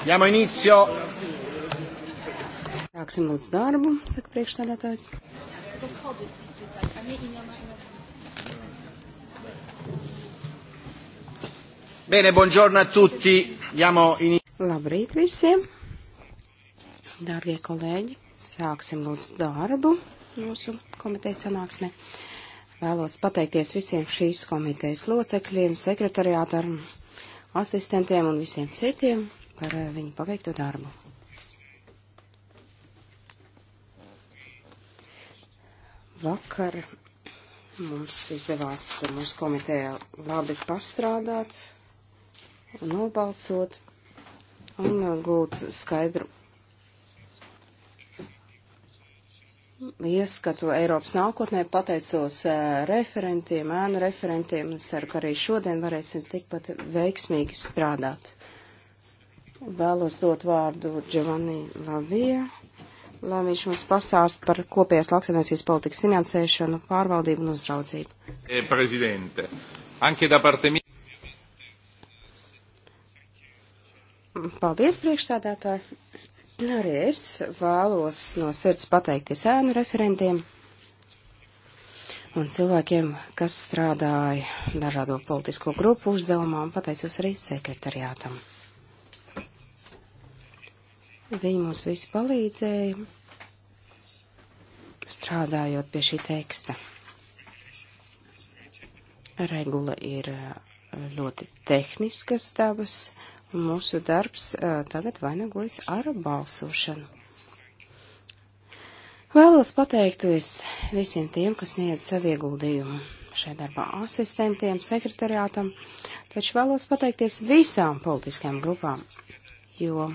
Diamo inizio. Sāksim lūdzu darbu, saka priekšstādātājs. Bene, buongiorno a tutti. Diamo in... Labrīt visiem. Dārgie kolēģi, sāksim lūdzu darbu mūsu komitejas sanāksmē. Vēlos pateikties visiem šīs komitejas locekļiem, sekretariātam, asistentiem un visiem citiem, par eh, viņu paveikto darbu. Vakar mums izdevās mūsu komitejā labi pastrādāt un nobalsot un eh, gūt skaidru ieskatu Eiropas nākotnē, pateicos eh, referentiem, ēnu referentiem, es ceru, ka arī šodien varēsim tikpat veiksmīgi strādāt. Vēlos dot vārdu Giovanni Lavija, lai viņš mums pastāst par kopējās lauksaimniecības politikas finansēšanu, pārvaldību un uzraudzību. Eh, Prezidente, anche da parte mia. Paldies, priekšstādātāji! Arī es vēlos no sirds pateikties ēnu referentiem un cilvēkiem, kas strādāja dažādo politisko grupu uzdevumā, un pateicos arī sekretariātam. Viņi mums visi palīdzēja, strādājot pie šī teksta. Regula ir eh, ļoti tehniskas dabas, un mūsu darbs eh, tagad vainagojas ar balsošanu. Vēlos pateikties visiem tiem, kas sniedz savu ieguldījumu šajā darbā asistentiem, sekretariātam, taču vēlos pateikties visām politiskajām grupām, jo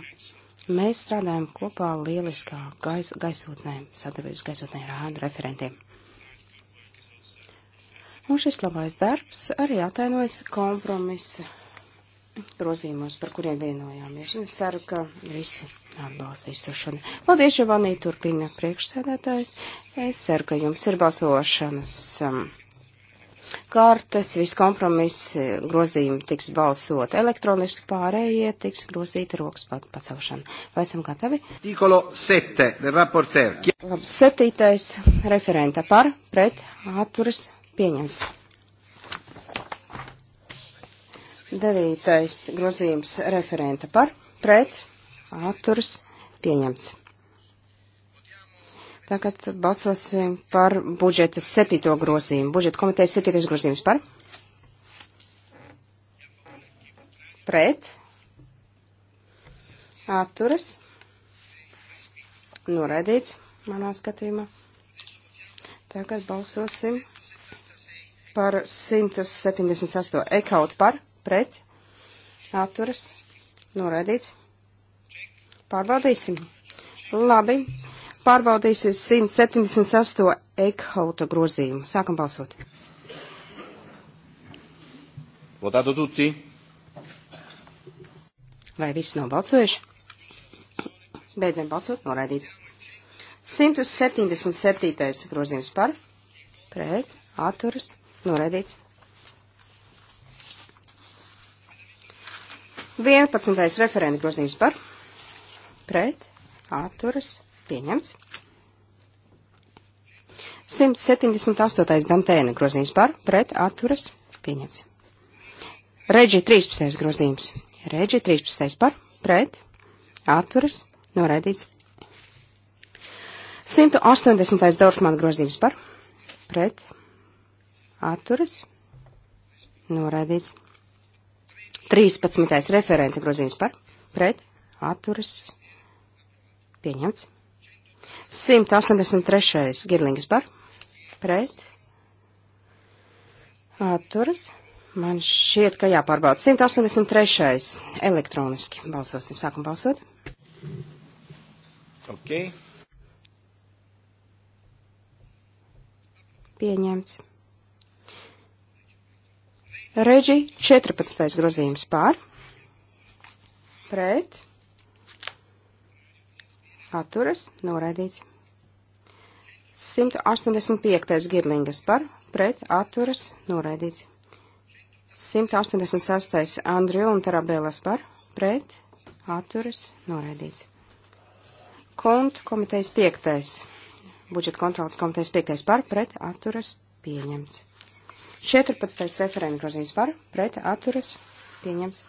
Mēs strādājam kopā lieliskā gais, gaisotnē, sadarbības gaisotnē ar ēnu referentiem. Un šis labais darbs arī atainojas kompromisa grozījumos, par kuriem vienojāmies. Un es ceru, ka visi atbalstīs to šodien. Paldies, Giovanni, turpina priekšsēdētājs. Es ceru, ka jums ir balsošanas. Um, kartes, viss kompromiss grozījumi tiks balsot elektroniski, pārējie tiks grozīti rokas pacelšana. Vai esam gatavi? Tikolo 7, raportēr. Labi, septītais referenta par, pret, atturas, pieņems. Devītais grozījums referenta par, pret, atturas, pieņems. Tagad balsosim par budžeta septīto grozījumu. Budžeta komitejas septītais grozījums par? Pret? Atturas? Noraidīts, manā skatījumā. Tagad balsosim par 178 ekaut par, pret, atturas, noraidīts. Pārbaudīsim. Labi, pārbaudīsim 178 Eikhauta grozījumu. Sākam balsot. Votātu tutti. Vai viss nav balsojuši? Beidzam balsot, noraidīts. 177. grozījums par, pret, atturas, noraidīts. 11. referenta grozījums par, pret, atturas, noraidīts Pieņemts. 178. Dantēna grozījums par, pret, atturas, pieņemts. Reģi 13. grozījums. Reģi 13. par, pret, atturas, noraidīts. 180. Dorfmana grozījums par, pret, atturas, noraidīts. 13. referenta grozījums par, pret, atturas, pieņemts. 183. Girlings bar. Pret. Atturas. Man šķiet, ka jāpārbauda. 183. elektroniski. Balsosim. Sākam balsot. Ok. Pieņemts. Reģi 14. grozījums pār. Pret atturas noraidīts. 185. girlingas par pret atturas noraidīts. 186. Andriju un Tarabēlas par pret atturas noraidīts. Kontu komitejas 5. Budžeta kontrolas komitejas 5. par pret atturas pieņems. 14. referenta grozījums par pret atturas pieņems.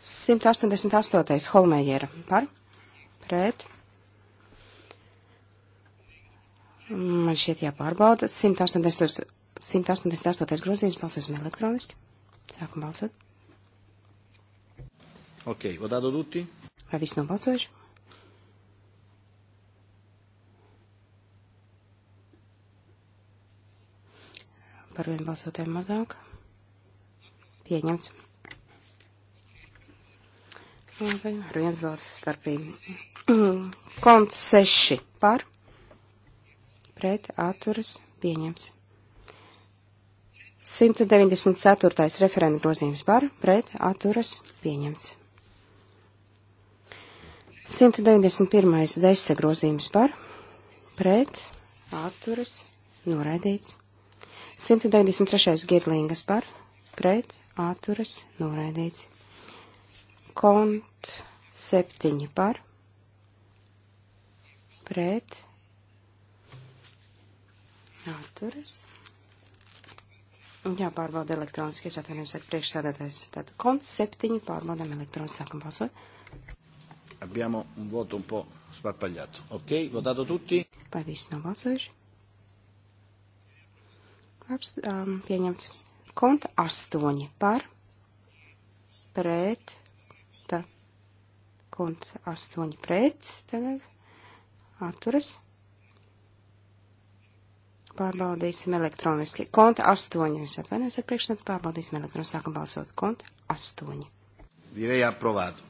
188. Holmējera par pret. Man šķiet jāpārbauda. 188. 188. grozījums balsosim elektroniski. Sākam balsot. Ok, vadādu duti. Vai viss nav balsojuši? Par vienu balsotēm mazāk. Pieņemts. Ar viens balss starpību. Konta 6 par pret atturas pieņems. 194. referenta grozījums par pret atturas pieņems. 191. desa grozījums par pret atturas noraidīts. 193. girlingas par pret atturas noraidīts. Kont 7 par pret pret atturas. Jāpārbauda elektroniski, es atvainojos ar priekšsēdētājs. Tātad konts septiņi, pārbaudām elektroniski, sākam balsot. Abbiamo un voto un po sparpagliato. Ok, votato tutti? Vai visi nav balsojuši? Labs, um, pieņemts. Konta astoņi par, pret, tā, konta astoņi pret, tagad atturas. Pārbaudīsim elektroniski. Konta 8. Jūs atvainojos ar priekšnetu. Pārbaudīsim elektroniski. Sākam balsot. Konta 8. Dirējā aprovētu.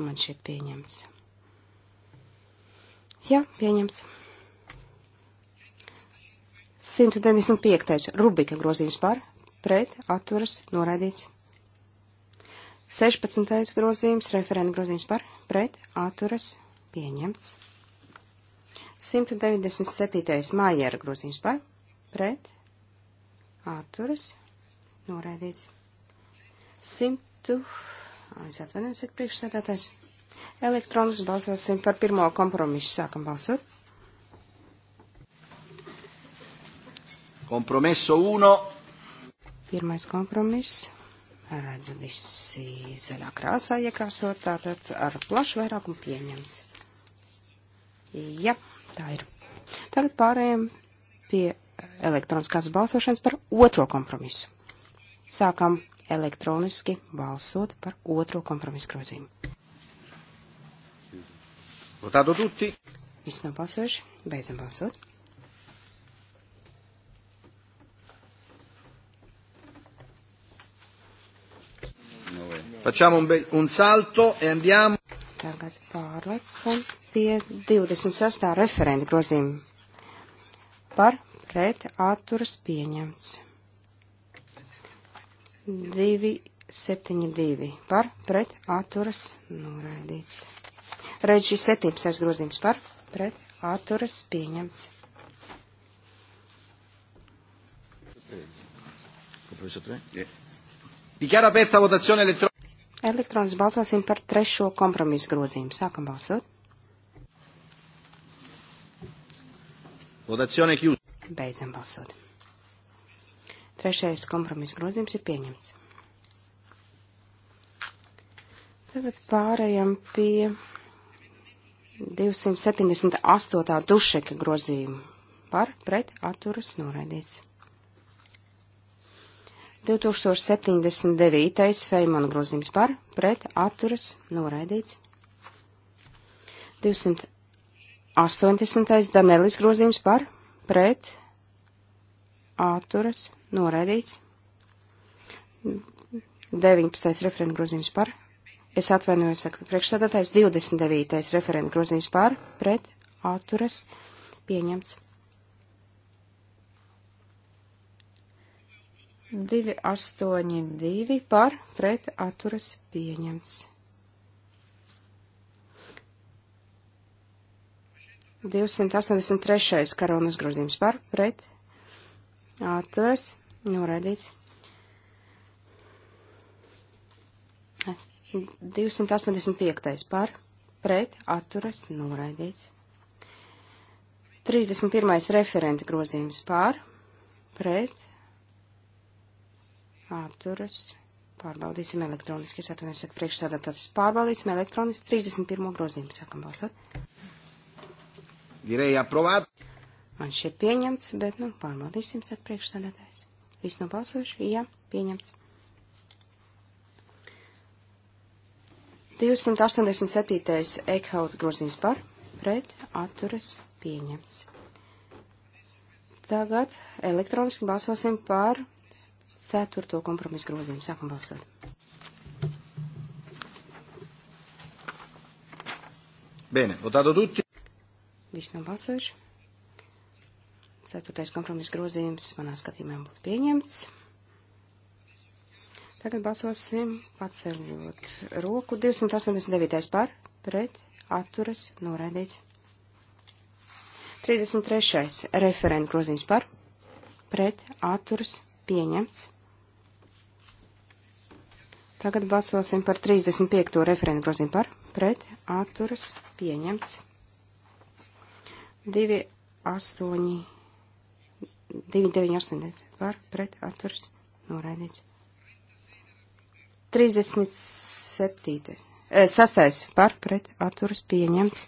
Man šeit pieņems. Jā, pieņems. 195. Rubika grozījums par, pret, atturas, noraidīts. 16. grozījums, referenta grozījums par, pret, atturas, pieņemts. 197. mājiera grozījums par, pret, atturas, noraidīts. 100, es atvainojos, ir priekšsēdētājs. Elektronisks balsosim par pirmo kompromisu. Sākam balsot. Kompromiso 1. Pirmais kompromiss. Redzu visi zaļā krāsā iekrāsot, tātad ar plašu vairākumu pieņems. Jā. Ja. Tā ir. Tagad pārējiem pie elektroniskās balsošanas par otro kompromisu. Sākam elektroniski balsot par otro kompromisu grozījumu. Votādu tutti. Viss nav balsojuši. Beidzam balsot. Facciamo un, un salto e andiamo. Tagad pārlecam pie 26. referenta grozījuma. Par pret atturas pieņemts. 272 par pret atturas noraidīts. Redži 17. grozījums par pret atturas pieņemts. Dichiaro aperta votazione elettronica. Elektroniski balsosim par trešo kompromisu grozījumu. Sākam balsot. Votazione chiusa. Beidzam balsot. Trešais kompromiss grozījums ir pieņemts. Tagad pārējām pie 278. dušeka grozījuma par pret atturas noraidīts. 2079. Feimana grozījums par, pret, atturas, noraidīts. 280. Danelis grozījums par, pret, atturas, noraidīts. 19. referenta grozījums par, es atvainojos, saka, priekšstādātais 29. referenta grozījums par, pret, atturas, pieņemts. 282 par pret atturas pieņemts. 283. karonas grozījums par pret atturas noraidīts. 285. par pret atturas noraidīts. 31. referenta grozījums par pret atturas. Pārbaudīsim elektroniski. Es atvainojos, ka priekšsēdētājs pārbaudīsim elektroniski 31. grozījumu. Sākam balsot. Dirēja aprovāt. Man šeit pieņemts, bet, nu, pārbaudīsim, saka priekšsēdētājs. Viss nobalsojuši? Jā, pieņemts. 287. Ekhaut grozījums par, pret, atturas, pieņemts. Tagad elektroniski balsosim par ceturto kompromisu grozījumu. Sākam balsot. Bene, votato tutti. Viss nav balsojuši. Ceturtais kompromiss grozījums manā skatījumā būtu pieņemts. Tagad balsosim paceļot roku. 289. par, pret, atturas, noraidīts. 33. referenta grozījums par, pret, atturas, Pieņemts. Tagad balsosim par 35. referendu grozījumu par pret atturas pieņemts. 2, 8, 2, 9, 8, var pret atturas noraidīts. 37. Eh, sastais par pret atturas pieņemts.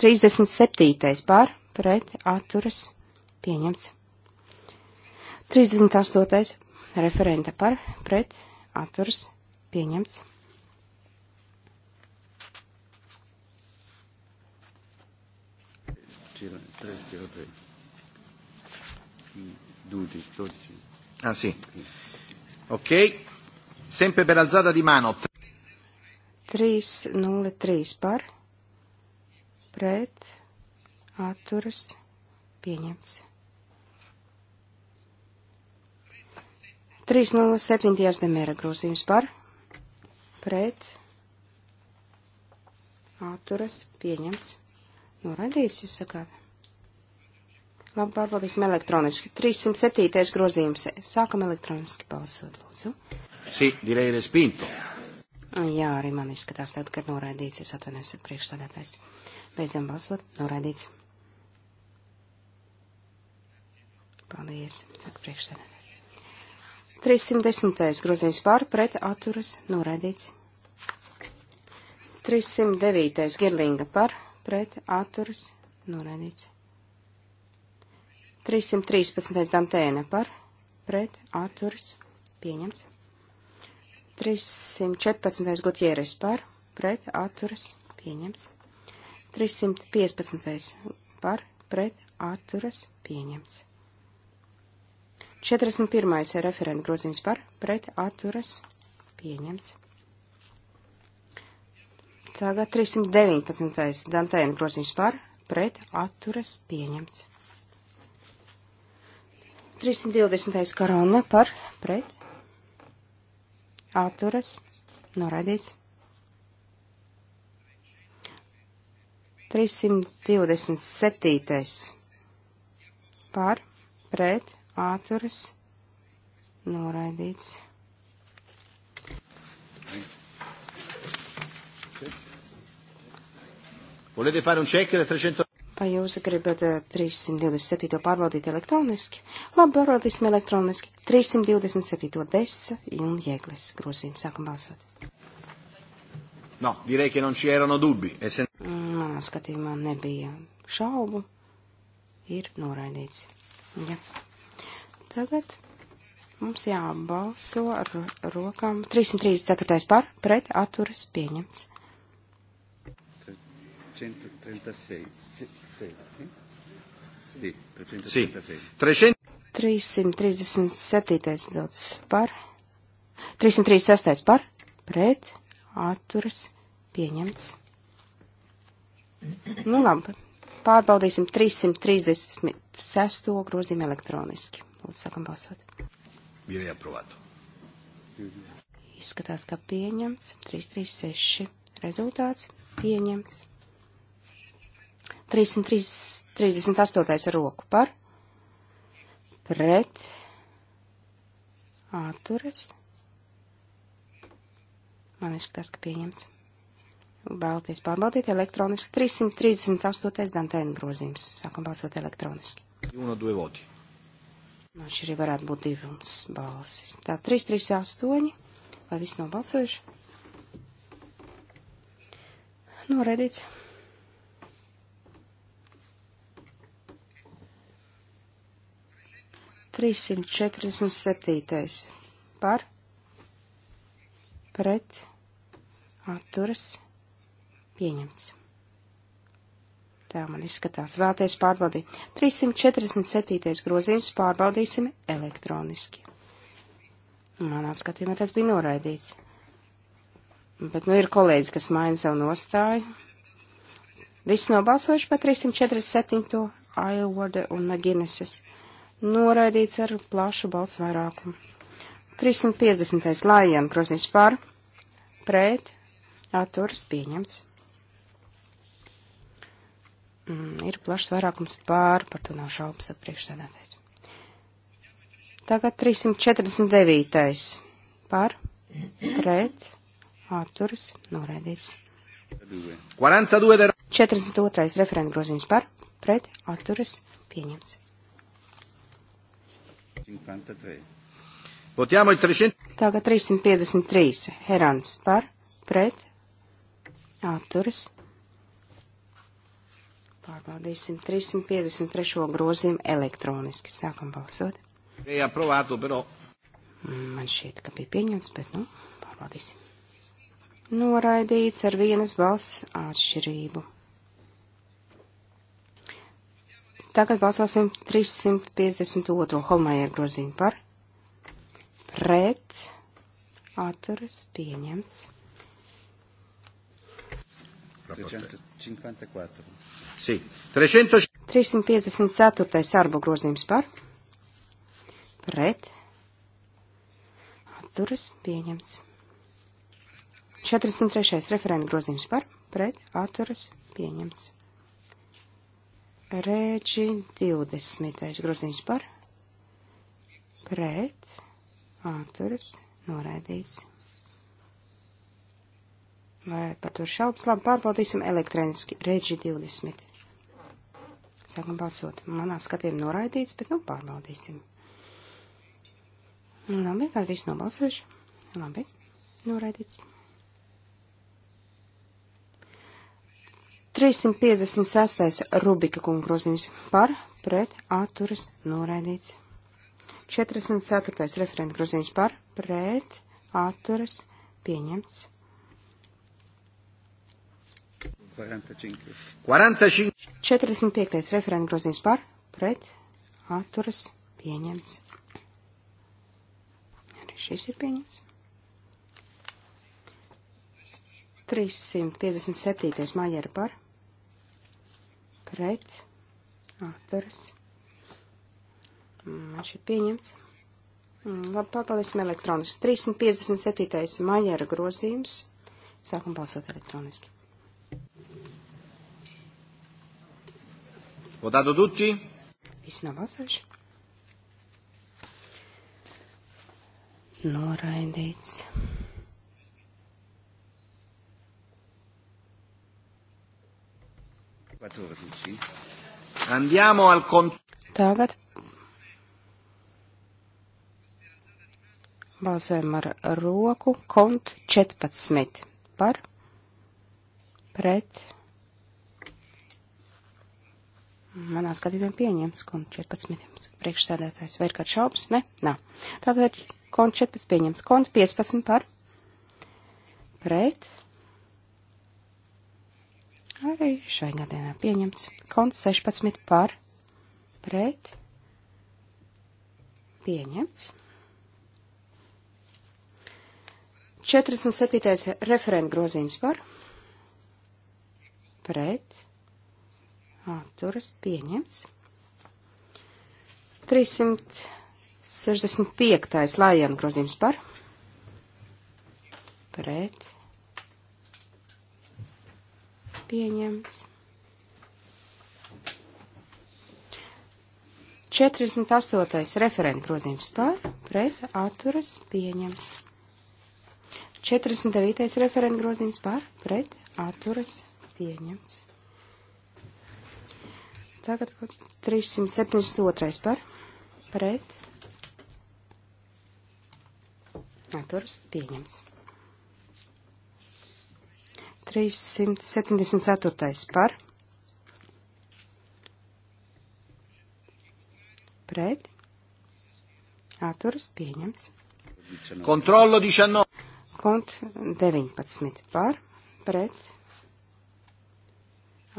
37. par pret atturas pieņemts. 38. referenta par pret atturs pieņemts. C'era 303. 12, 12. Ah sì. Ok. Sempre per alzata di mano. 303 par pret atturas pieņemts. 307. demēra grozījums par pret atturas pieņemts. Noraidīts, jūs sakāt. Labi, pārbaudīsim elektroniski. 307. grozījums. Sākam elektroniski balsot, lūdzu. Sī, direi respinto. Jā, arī man izskatās tad, kad noraidīts, es atvainojos priekšsādātais. Beidzam balsot, noraidīts. Paldies, saka priekšsādātais. 310. grozījums pār pret atturas noraidīts. 309. girlinga par pret atturas noraidīts. 313. dantēna par pret atturas pieņemts. 314. gutieres par pret atturas pieņemts. 315. par pret atturas pieņemts. 41. referenta grozījums par pret atturas pieņems. Tagad 319. Dantēna grozījums par pret atturas pieņems. 320. karona par pret atturas noraidīts. 327. par pret atturas noraidīts. Volete fare un check da 300? Vai jūs gribat 327. Eh, pārbaudīt elektroniski? Labi, pārbaudīsim elektroniski. 327. desa un jēglis grozījums. Sākam balsot. No, direi, ka non ci erano dubbi. Esen... Manā skatījumā nebija šaubu. Ir noraidīts. Ja. Tagad mums jābalso ar rokām 334. par pret atturas pieņemts. 336. 337. dots par, 336. par, pret, atturas, pieņemts. Nu labi, pārbaudīsim 336. grozīm elektroniski. Lūdzu, sākam balsot. Bija aprovātu. Izskatās, ka pieņemts. 336. Rezultāts pieņemts. 338. ar roku par. Pret. Atturas. Man izskatās, ka pieņemts. Vēlaties pārbaudīt elektroniski 338. dantēna grozījums. Sākam balsot elektroniski. Jūna divi voti. Nu, šī arī varētu būt divums balsis. Tā, 3, 3, 8. Vai viss nav balsojuši? Noredīts. Trīsimt četrdesmit septītais. Par. Pret. Atturas. Pieņems. Tā man izskatās vēlties pārbaudīt. 347. grozījums pārbaudīsim elektroniski. Manā skatījumā tas bija noraidīts. Bet nu ir kolēģis, kas maina savu nostāju. Viss nobalsojuši par 347. Aiworde un Magineses. Noraidīts ar plašu balsu vairākumu. 350. Lajiem grozījums pār, pret, atturs pieņemts. Mm, ir plašs vairākums pār, par to nav šaubas ar priekšsēdētājs. Tagad 349. pār, pret, atturis, noraidīts. 42. 42. referenta grozījums par, pret, atturis, pieņemts. 53. Tagad 353. Herans par, pret, atturis, pieņemts Pārbaudīsim 353. grozījumu elektroniski. Sākam balsot. Jā, provātu, pero. Man šķiet, ka bija pieņemts, bet, nu, pārbaudīsim. Noraidīts ar vienas balss atšķirību. Tagad balsosim 352. Holmajera grozījumu par. Pret. Atturas pieņemts. 354. Sī. 354. sarbu grozījums par. Pret. Atturas pieņemts. 43. referenta grozījums par. Pret. Atturas pieņemts. Rēģi 20. grozījums par pret atturas noraidīts. Vai par to šaubas labi pārbaudīsim elektroniski rēģi 20. Sākam balsot. Manā skatījumā noraidīts, bet nu pārbaudīsim. Labi, vai viss nobalsojuši? Labi, noraidīts. 356. Rubika kunga grozījums par, pret, atturas, noraidīts. 44. referenta grozījums par, pret, atturas, pieņemts. 45. 45. 45. referenta grozījums par, pret, atturas, pieņemts. Arī šis ir pieņemts. 357. mājera par, pret, atturas. Man mm, šeit pieņemts. Mm, labi, pārbaudīsim elektroniski. 357. mājera grozījums. Sākam balsot elektroniski. Votato tutti? Viss nav balsojuši. Noraidīts. Andiamo al cont... Tagad balsojam ar roku kont 14 par pret manā skatījumā pieņemts, kon 14 priekšsēdētājs. Vai ir kāds šaubas? Ne? Nā. Tātad kon 14 pieņemts. Kon 15 par? Pret? Arī šai gadienā pieņemts. Kon 16 par? Pret? Pieņemts. 47. referenta grozījums par? Pret? atturas pieņemts. 365. lājana grozījums par pret pieņemts. 48. referenta grozījums par, pret, atturas, pieņems. 49. referenta grozījums par, pret, atturas, pieņems. Tagad 372 par pret. Atturs pieņemts. 374 par pret. Atturs pieņemts. Kontrollo 19. Kont 19 par pret.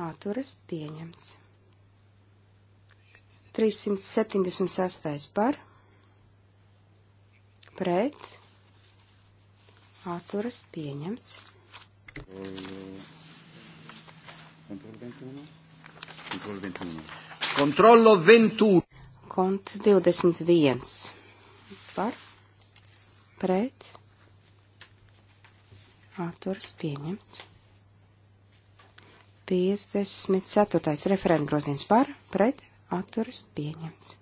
Atturas pieņemts. 376. par pret atturas pieņemts. Kontrollo 21. Kont 21. Par pret atturas pieņemts. 54. referentgrozījums par pret atturas pieņemts.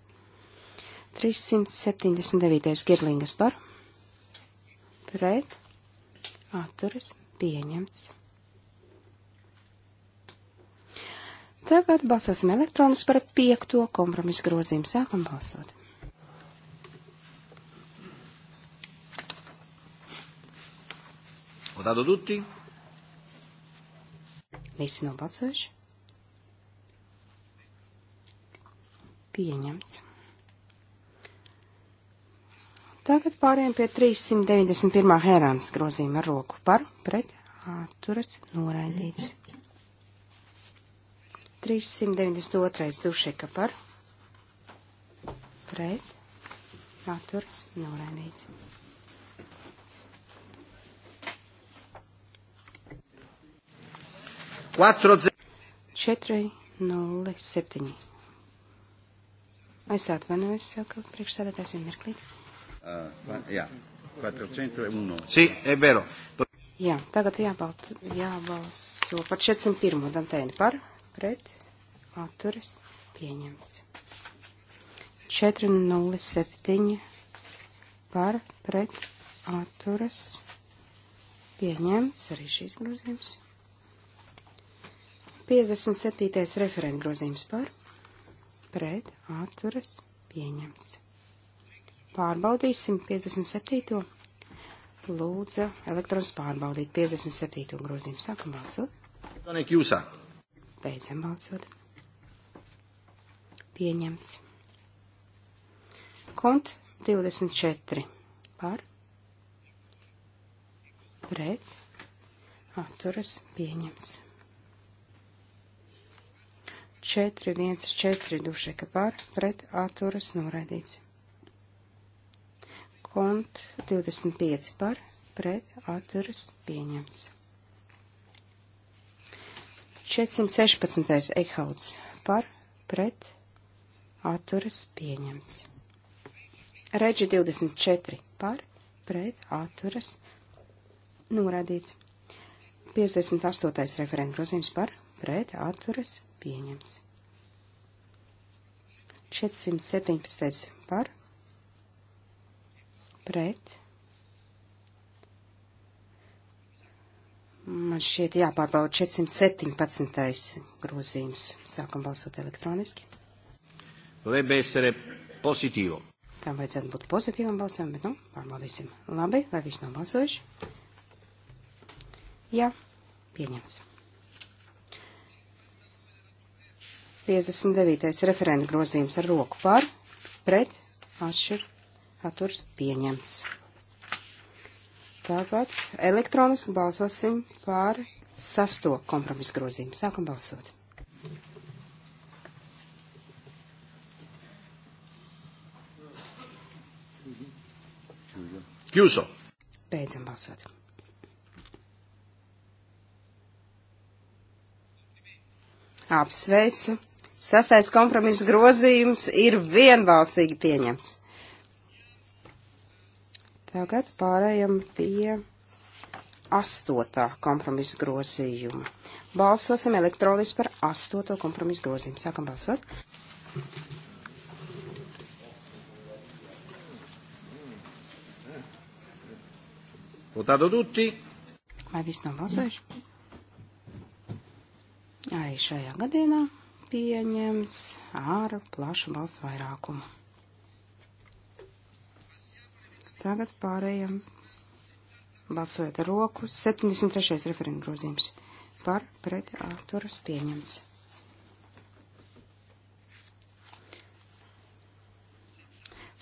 379. girlingas par, pret, atturas, pieņemts. Tagad balsosim elektronis par piekto kompromisu grozījumu. Sākam balsot. Votato tutti? Visi nobalsojuši. pieņemts. Tagad pārējām pie 391. herāns grozījuma ar roku par pret atturas noraidīts. 392. dušeka par pret atturas noraidīts. Četri, nulli, septiņi. Es atvainojos, saka priekšsēdētājs vienmirklī. Uh, ah, jā, 401. Sī, si, e vero. Jā, tagad jābalt, jābalso par 401. Dantēni par, pret, atturas, pieņems. 407 par, pret, atturas, pieņems arī šīs grozījums. 57. referenta grozījums par, pret atturas pieņemts. Pārbaudīsim 57. Lūdzu, elektrons pārbaudīt 57. grozījumu. Sākam balsot. Zanīk jūsā. Beidzam balsot. Pieņemts. Kont 24. Par. Pret. Atturas pieņemts. 414 dušeka par pret atturas noraidīts. Kont 25 par pret atturas pieņemts. 416. Eikhauts par pret atturas pieņemts. Reģi 24 par pret atturas noraidīts. 58. referenta grozījums par pret atturas pieņems. 417. par pret. Man šķiet jāpārbauda 417. grozījums. Sākam balsot elektroniski. Dovrebbe essere positivo. Tam vajadzētu būt pozitīvam balsojumam, bet nu, pārbaudīsim. Labi, vai viss nav balsojuši? Jā, pieņemts. 59. referenta grozījums ar roku par, pret, atšķir, atturs pieņemts. Tagad elektroniski balsosim par sasto kompromisu grozījumu. Sākam balsot. Jūso. Beidzam balsot. Apsveicu Sastais kompromiss grozījums ir vienbalsīgi pieņemts. Tagad pārējam pie astotā kompromisa grozījuma. Balsosim elektroniski par astoto kompromisu grozījumu. Sākam balsot. Votato tutti. Vai viss nav balsojuši? Arī šajā gadījumā pieņemts ar plašu balsu vairākumu. Tagad pārējiem balsojot ar roku 73. referenta grozījums par pret atturas pieņemts.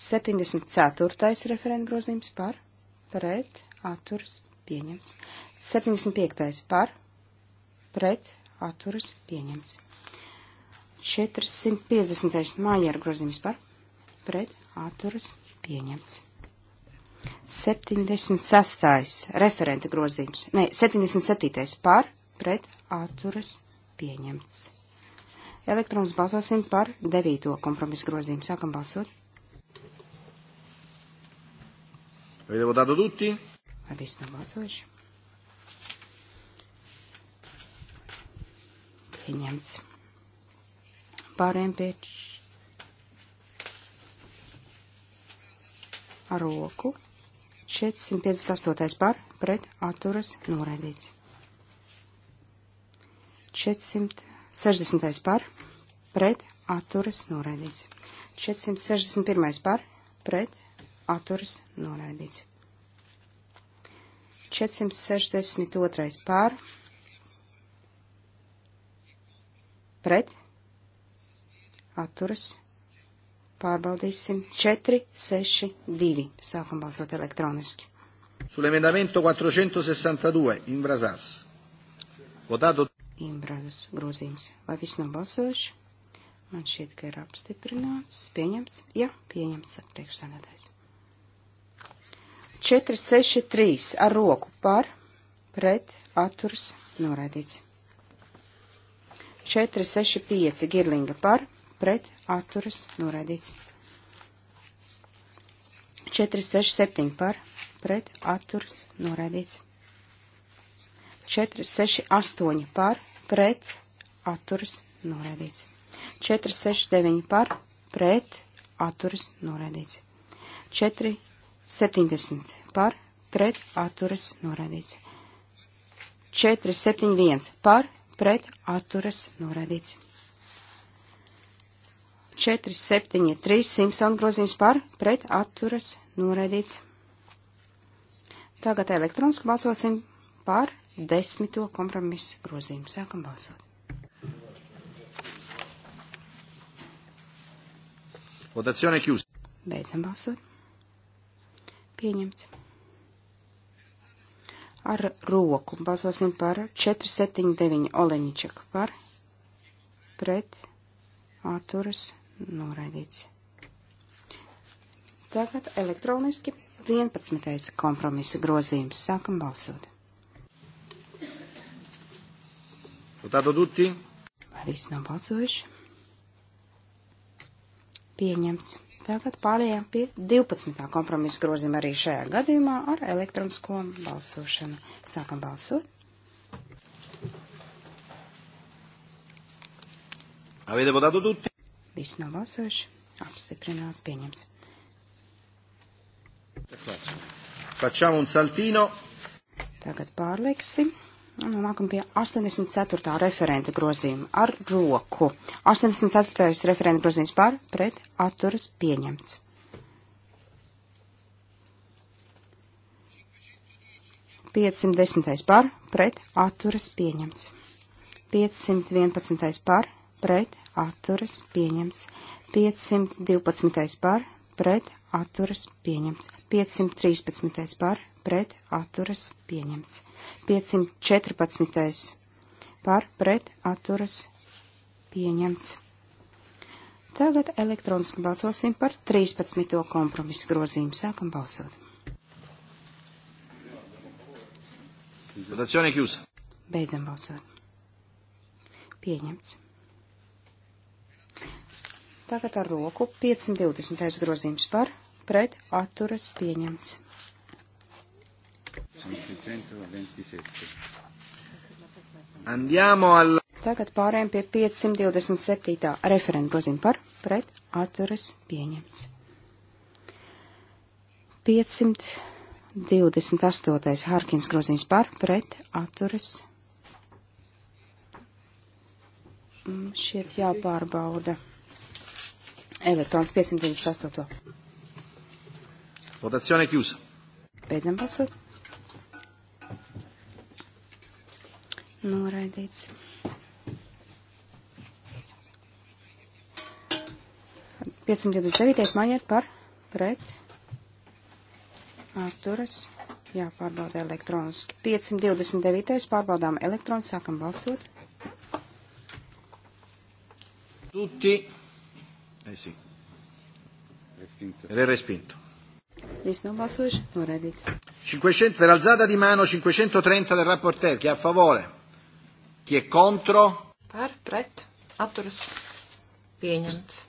Septiņdesmit ceturtais referenta grozījums par pret atturas pieņemts. Septiņdesmit piektais par pret atturas pieņemts. 450. mājā ar grozījums par pret atturas pieņemts. 76. referenta grozījums. Nē, 77. par pret atturas pieņemts. Elektrons balsosim par 9. kompromisu grozījumu. Sākam balsot. Avete votato tutti? Vai visi nobalsojuši? Pieņemts. Pārējiem pie roku. 458. par pret atturas noraidīts. 460. par pret atturas noraidīts. 461. par pret atturas noraidīts. 462. par pret atturas. Pārbaudīsim 4, 6, 2. Sākam balsot elektroniski. Sull'emendamento 462, Imbrazās. Votato. Imbrazas grozījums. Vai viss nav balsojuši? Man šķiet, ka ir apstiprināts. Pieņems? Jā, pieņems, saka priekšsēdētājs. 4, 6, 3 ar roku par, pret, atturs, noraidīts. 4, 6, 5 girlinga par, pret atturas noraidīts. 4, 6, 7 par pret atturas noraidīts. 4, 6, 8 par pret atturas noraidīts. 4, 6, 9 par pret atturas noraidīts. 4, 70 par pret atturas noraidīts. 4, 7, 1 par pret atturas noraidīts. 4, 7, 3 Simpsona grozījums par pret atturas noraidīts. Tagad elektroniski balsosim par desmito kompromisu grozījumu. Sākam balsot. Votazione chiusa. Beidzam balsot. Pieņemts. Ar roku balsosim par 479 Oleņičaku par pret atturas noraidīts Noraidīts. Tagad elektroniski 11. kompromisa grozījums. Sākam balsot. Votato tutti? Vai visi nav balsojuši? Pieņemts. Tagad pārējām pie 12. kompromisa grozījuma arī šajā gadījumā ar elektronisko balsošanu. Sākam balsot. Avete votato tutti? Viss nobalsojuši, apstiprināts, pieņems. Facciamo un saltino. Tagad pārliksim. Un nākam pie 84. referenta grozījuma ar roku. 84. referenta grozījums par pret atturas pieņemts. 510. par pret atturas pieņemts. 511. par pret atturas pieņemts. 512. par pret atturas pieņemts. 513. par pret atturas pieņemts. 514. par pret atturas pieņemts. Tagad elektroniski balsosim par 13. kompromisu grozījumu. Sākam balsot. Votazione chiusa. Beidzam balsot. Pieņemts. Tagad ar loku 520. grozījums par pret atturas pieņemts. 527. Andiamo al... Tagad pārējām pie 527. referenta grozījuma par pret atturas pieņemts. 528. Harkins grozījums par pret atturas pieņemts mm, šķiet jāpārbauda. Elektrons 528. Votazione chiusa. Beidzam balsot. Noraidīts. Piecsimt devītais mājiet par pret atturas. Jā, pārbauda elektroniski. 529. pārbaudām elektroniski, sākam balsot. Tutti. Eh sì. Respinto. Ed è respinto. Visi nobalsojuši, noraidīts. 500 per alzata di mano, 530 del rapporteur. Chi è a favore? Chi è contro? Par, pret, atturas, pieņemts.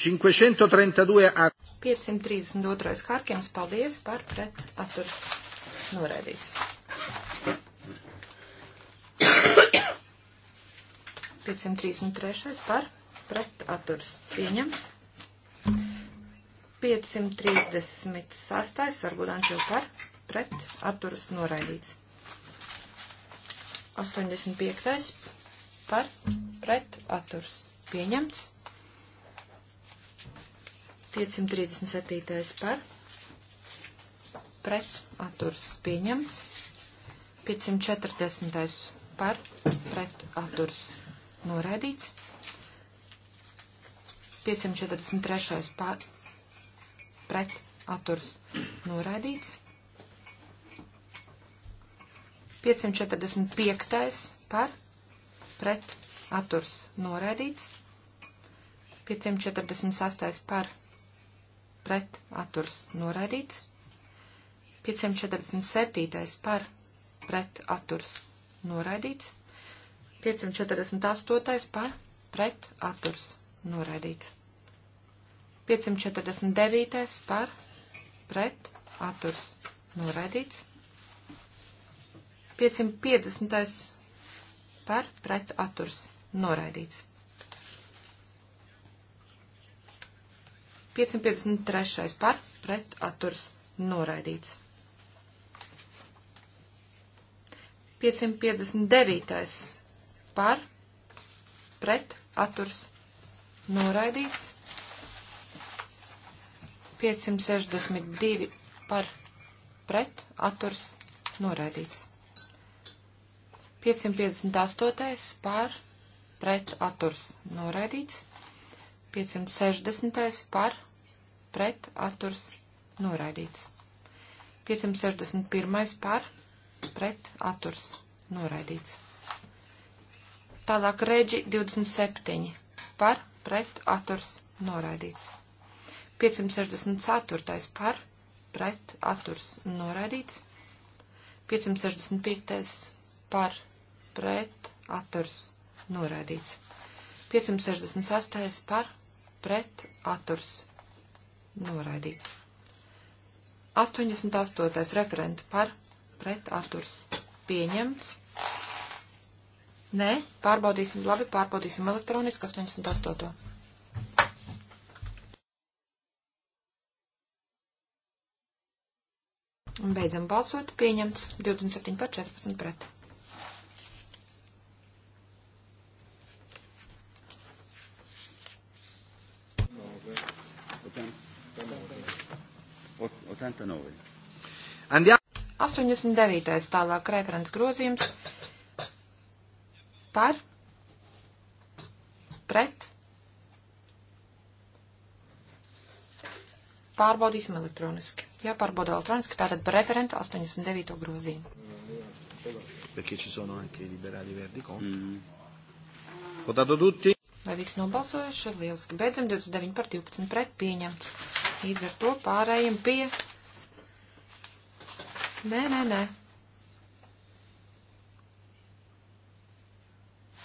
532 a... 532 Harkins, paldies par pret atturas noraidīts. 533 par pret atturs pieņems. 536. varbūt Ančo par pret atturs noraidīts. 85. par pret atturs pieņemts. 537. par pret atturs pieņemts. 540. par pret atturs noraidīts. 543. pār pret atturs noraidīts. 545. par pret atturs noraidīts. 548. par pret atturs noraidīts. 547. par pret atturs noraidīts. 548. par pret atturs noraidīts. 549. par pret atturs noraidīts. 550. par pret atturs noraidīts. 553. par pret atturs noraidīts. 559. par pret atturs noraidīts noraidīts. 562 par pret atturs noraidīts. 558 par pret atturs noraidīts. 560 par pret atturs noraidīts. 561 par pret atturs noraidīts. Tālāk reģi 27 par pret atturs noraidīts. 564. par pret atturs noraidīts. 565. par pret atturs noraidīts. 568. par pret atturs noraidīts. 88. referenta par pret atturs pieņemts. Nē, pārbaudīsim labi, pārbaudīsim elektroniski 88. Un beidzam balsot, pieņemts 27 par 14 pret. Andiamo. 89. tālāk referents grozījums par, pret. Pārbaudīsim elektroniski. Jā, pārbauda elektroniski, tātad par referentu 89. grozījumu. Perché ci sono anche liberali verdi contro. Mm. Votato tutti. Vai visi nobalsojuši? Lieliski. Beidzam 29 par 12 pret pieņemts. Līdz ar to pārējiem pie. Nē, nē, nē.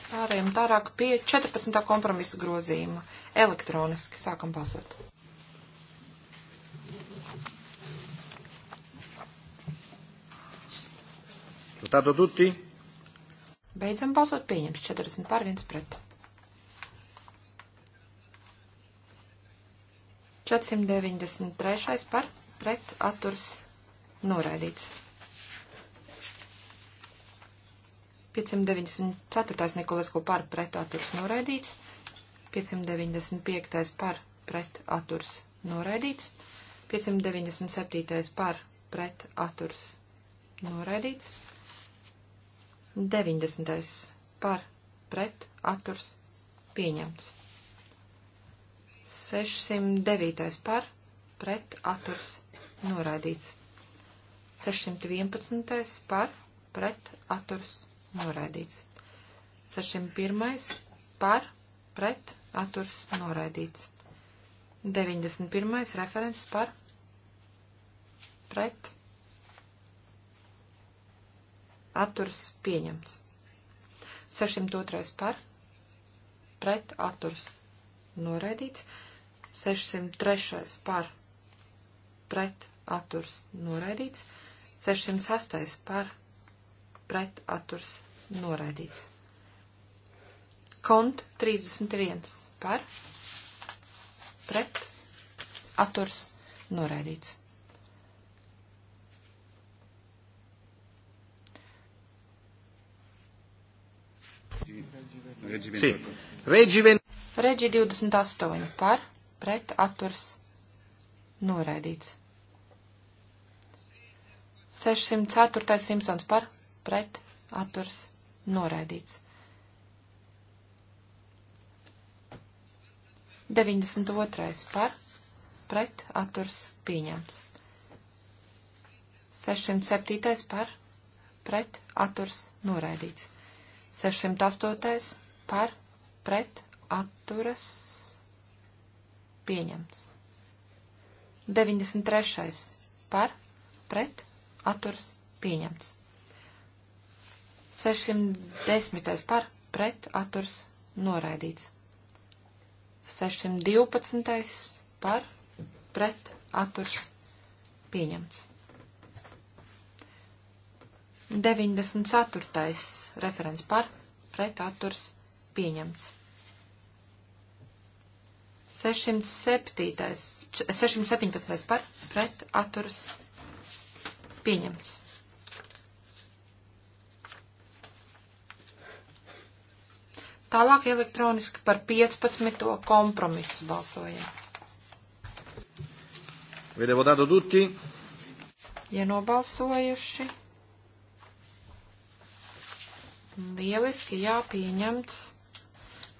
Pārējām tālāk pie 14. kompromisa grozījuma. Elektroniski sākam balsot. Tātad tutti. Beidzam balsot pieņems 40 pār 1 pret. 493 par pret atturs noraidīts. 594. Nikolasko par pret atturs noraidīts. 595. par pret atturs noraidīts. 597. par pret atturs noraidīts. 90. par pret atturs pieņemts. 609. par pret atturs noraidīts. 611. par pret atturs noraidīts. 601. par, pret, atturs, noraidīts. 91. referents par, pret, atturs, pieņemts. 602. par, pret, atturs, noraidīts. 603. par, pret, atturs, noraidīts. 608. par, pret, atturs, noraidīts. 608. par, pret atturs noraidīts. Kont 31 par pret atturs noraidīts. Sì. Regi, 20... Regi 28 par pret atturs noraidīts. 604. Simpsons par pret, atturs, noraidīts. 92. par, pret, atturs, pieņemts. 607. par, pret, atturs, noraidīts. 608. par, pret, atturas, pieņemts. 93. par, pret, atturs, pieņemts. 610. par pret atturs noraidīts. 612. par pret atturs pieņemts. 94. referents par pret atturs pieņemts. 607. 617. par pret atturs pieņemts. Tālāk elektroniski par 15. kompromisu balsojam. Vede votato tutti? Ja nobalsojuši. Lieliski jāpieņemts.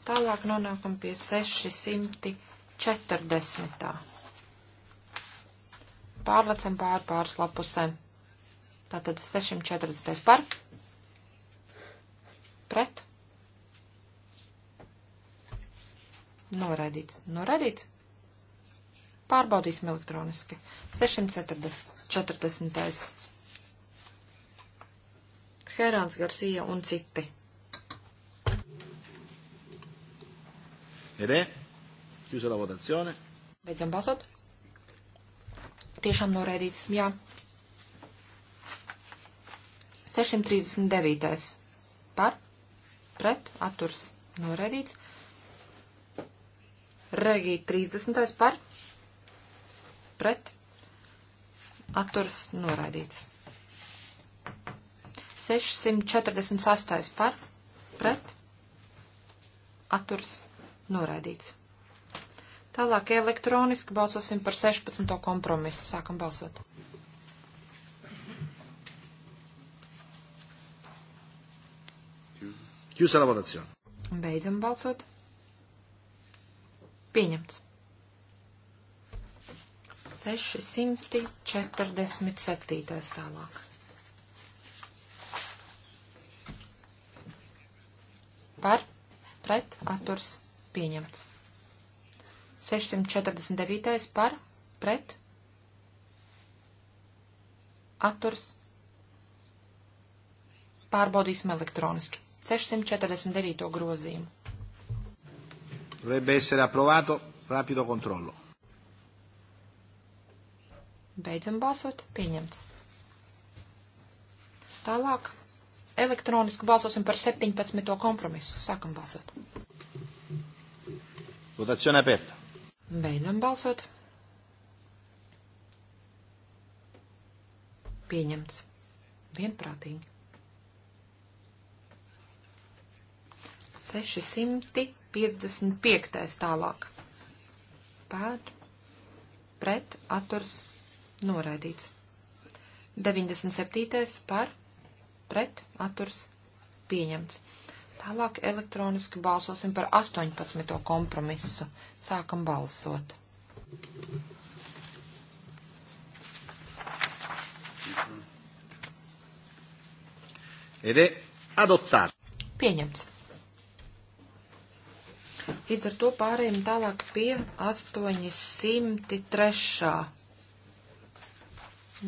Tālāk nonākam pie 640. Pārlecam pār pāris lapusēm. Tātad 640 par. Pret Noraidīts. Noraidīts. Pārbaudīsim elektroniski. 640. Herāns Garcia un citi. Ed è chiusa la votazione. Beidzam balsot. Tiešām noraidīts. Jā. 639. Par. Pret. Atturs. Noraidīts. Regī 30. par pret atturs noraidīts. 648. par pret atturs noraidīts. Tālāk elektroniski balsosim par 16. kompromisu. Sākam balsot. Chiusa la votazione. Beidzam balsot. Pieņemts. 647. tālāk. Par, pret, atturs, pieņemts. 649. par, pret, atturs, pārbaudīsim elektroniski. 649. grozījumu. Dovrebbe essere approvato. Rapido controllo. Beidzam balsot. Pieņemts. Tālāk. Elektroniski balsosim par 17. kompromisu. Sākam balsot. Votazione aperta. Beidzam balsot. Pieņemts. Vienprātīgi. 600. 55. tālāk. Pār, pret, atturs, noraidīts. 97. par, pret, atturs, pieņemts. Tālāk elektroniski balsosim par 18. kompromisu. Sākam balsot. Ed è adottato. Pieņemts. Līdz ar to pārējiem tālāk pie 803.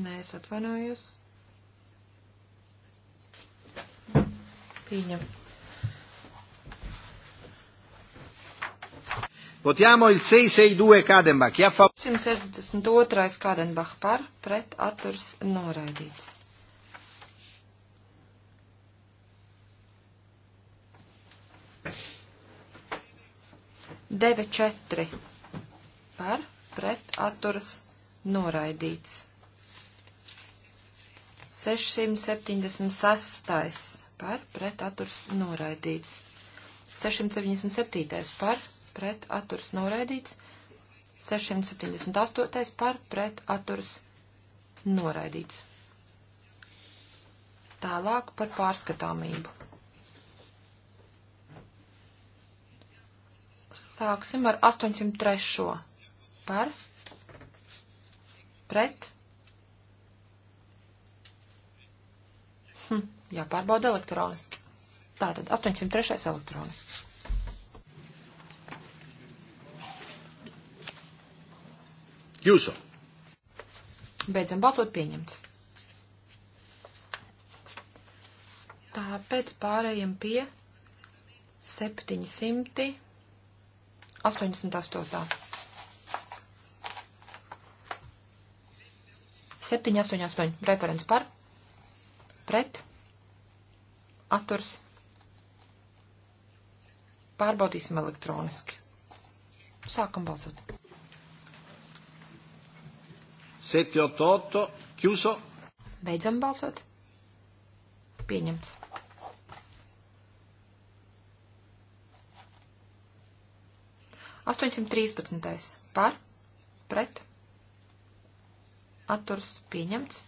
Nē, es atvainojos. Pieņem. Votiamo il 662 Kadenbach. Ja fa... 162 Kadenbach par, pret atturs noraidīts. Thank you. 9-4 par pret atturas noraidīts. 676. par pret atturas noraidīts. 677. par pret atturas noraidīts. 678. par pret atturas noraidīts. Tālāk par pārskatāmību. Sāksim ar 803. Par. Pret. Hm, jāpārbauda elektroniski. Tātad 803. elektroniski. Jūsu. Beidzam balsot pieņemts. Tāpēc pārējiem pie 700. 88. 7, 8, 8. Referents par. Pret. Atturs. Pārbaudīsim elektroniski. Sākam balsot. 7, 8, 8. Chiuso. Beidzam balsot. Pieņemts. 813. Par, pret, atturs pieņemts.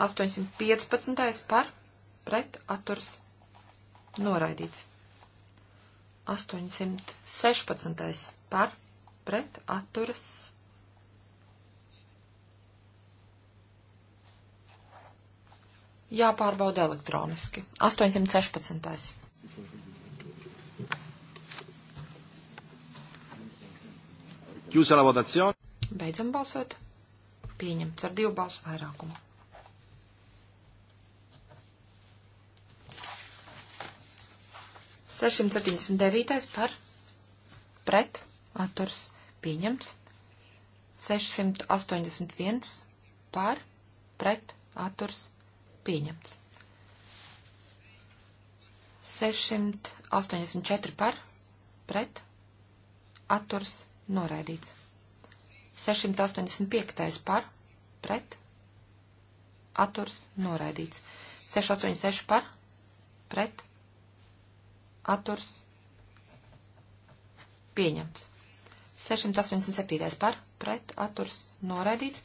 815. par, pret, atturs noraidīts. 816. par, pret, atturs jāpārbauda elektroniski. 816. Chiusa la votazione. Beidzam balsot. Pieņemts ar divu balsu vairākumu. Sešim septiņdesmit devītais par pret atturs pieņemts. 681 par pret atturs pieņemts. 684 par pret atturs pieņemts. Noraidīts. 685. par, pret, atturs, noraidīts. 686 par, pret, atturs, pieņemts. 687 par, pret, atturs, noraidīts.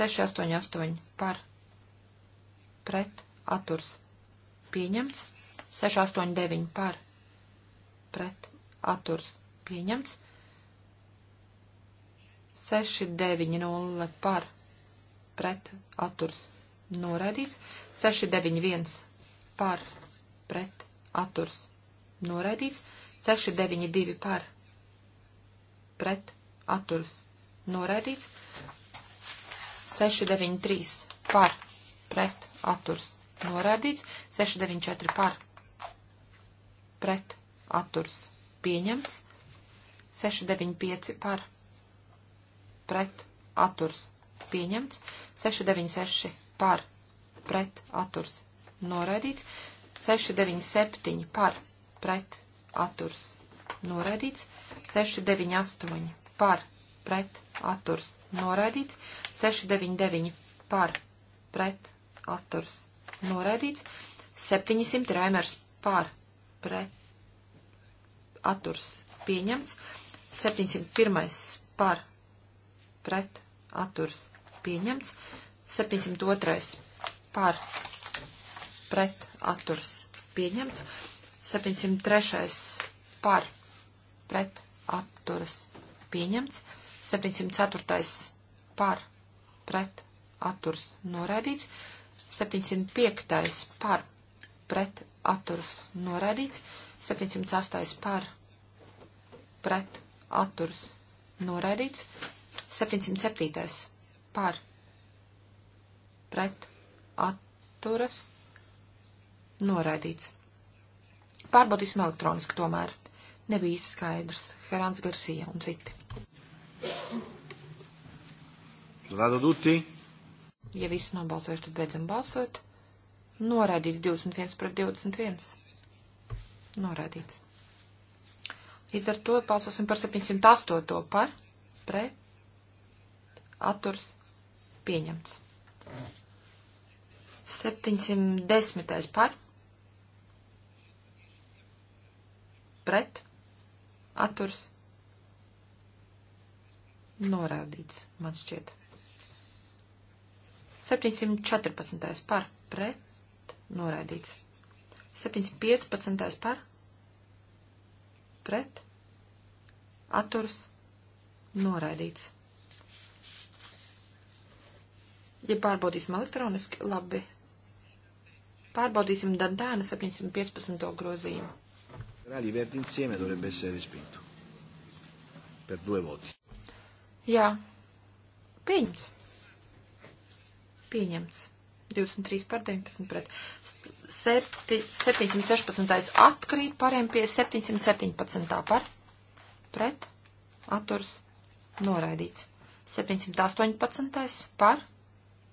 688 par, pret, atturs, pieņemts. 689 par, pret, atturs, pieņemts. 690 par pret atturs noraidīts, 691 par pret atturs noraidīts, 692 par pret atturs noraidīts, 693 par pret atturs noraidīts, 694 par pret atturs pieņemts, 695 par pret pret atturs pieņemts, 696 par pret atturs noraidīts, 697 par pret atturs noraidīts, 698 par pret atturs noraidīts, 699 par pret atturs noraidīts, 700 rēmers par pret atturs pieņemts, 701 par pret atturs pieņemts. 702. par pret atturs pieņemts. 703. par pret atturs pieņemts. 704. par pret atturs noraidīts. 705. par pret atturs noraidīts. 708. par pret atturs noraidīts. 707. par pret atturas noraidīts. Pārbaudīsim elektroniski tomēr. Nebija skaidrs. Herāns Garsija un citi. Lado duti. Ja visi nobalsojuši, tad beidzam balsot. Noraidīts 21 pret 21. Noraidīts. Līdz ar to balsosim par 708 par pret atturs pieņemts. 710. par pret atturs norādīts, man šķiet. 714. par pret noraidīts. 715. par pret atturs noraidīts. Ja pārbaudīsim elektroniski, labi. Pārbaudīsim Dantāna 715. grozījumu. Rāļi vērti insieme dovrebbe essere respinto. Per due voti. Jā. Pieņems. Pieņems. 23 par 19 pret. 7, 716. atkrīt, pārējiem pie 717. par. Pret. Atturs. Noraidīts. 718. par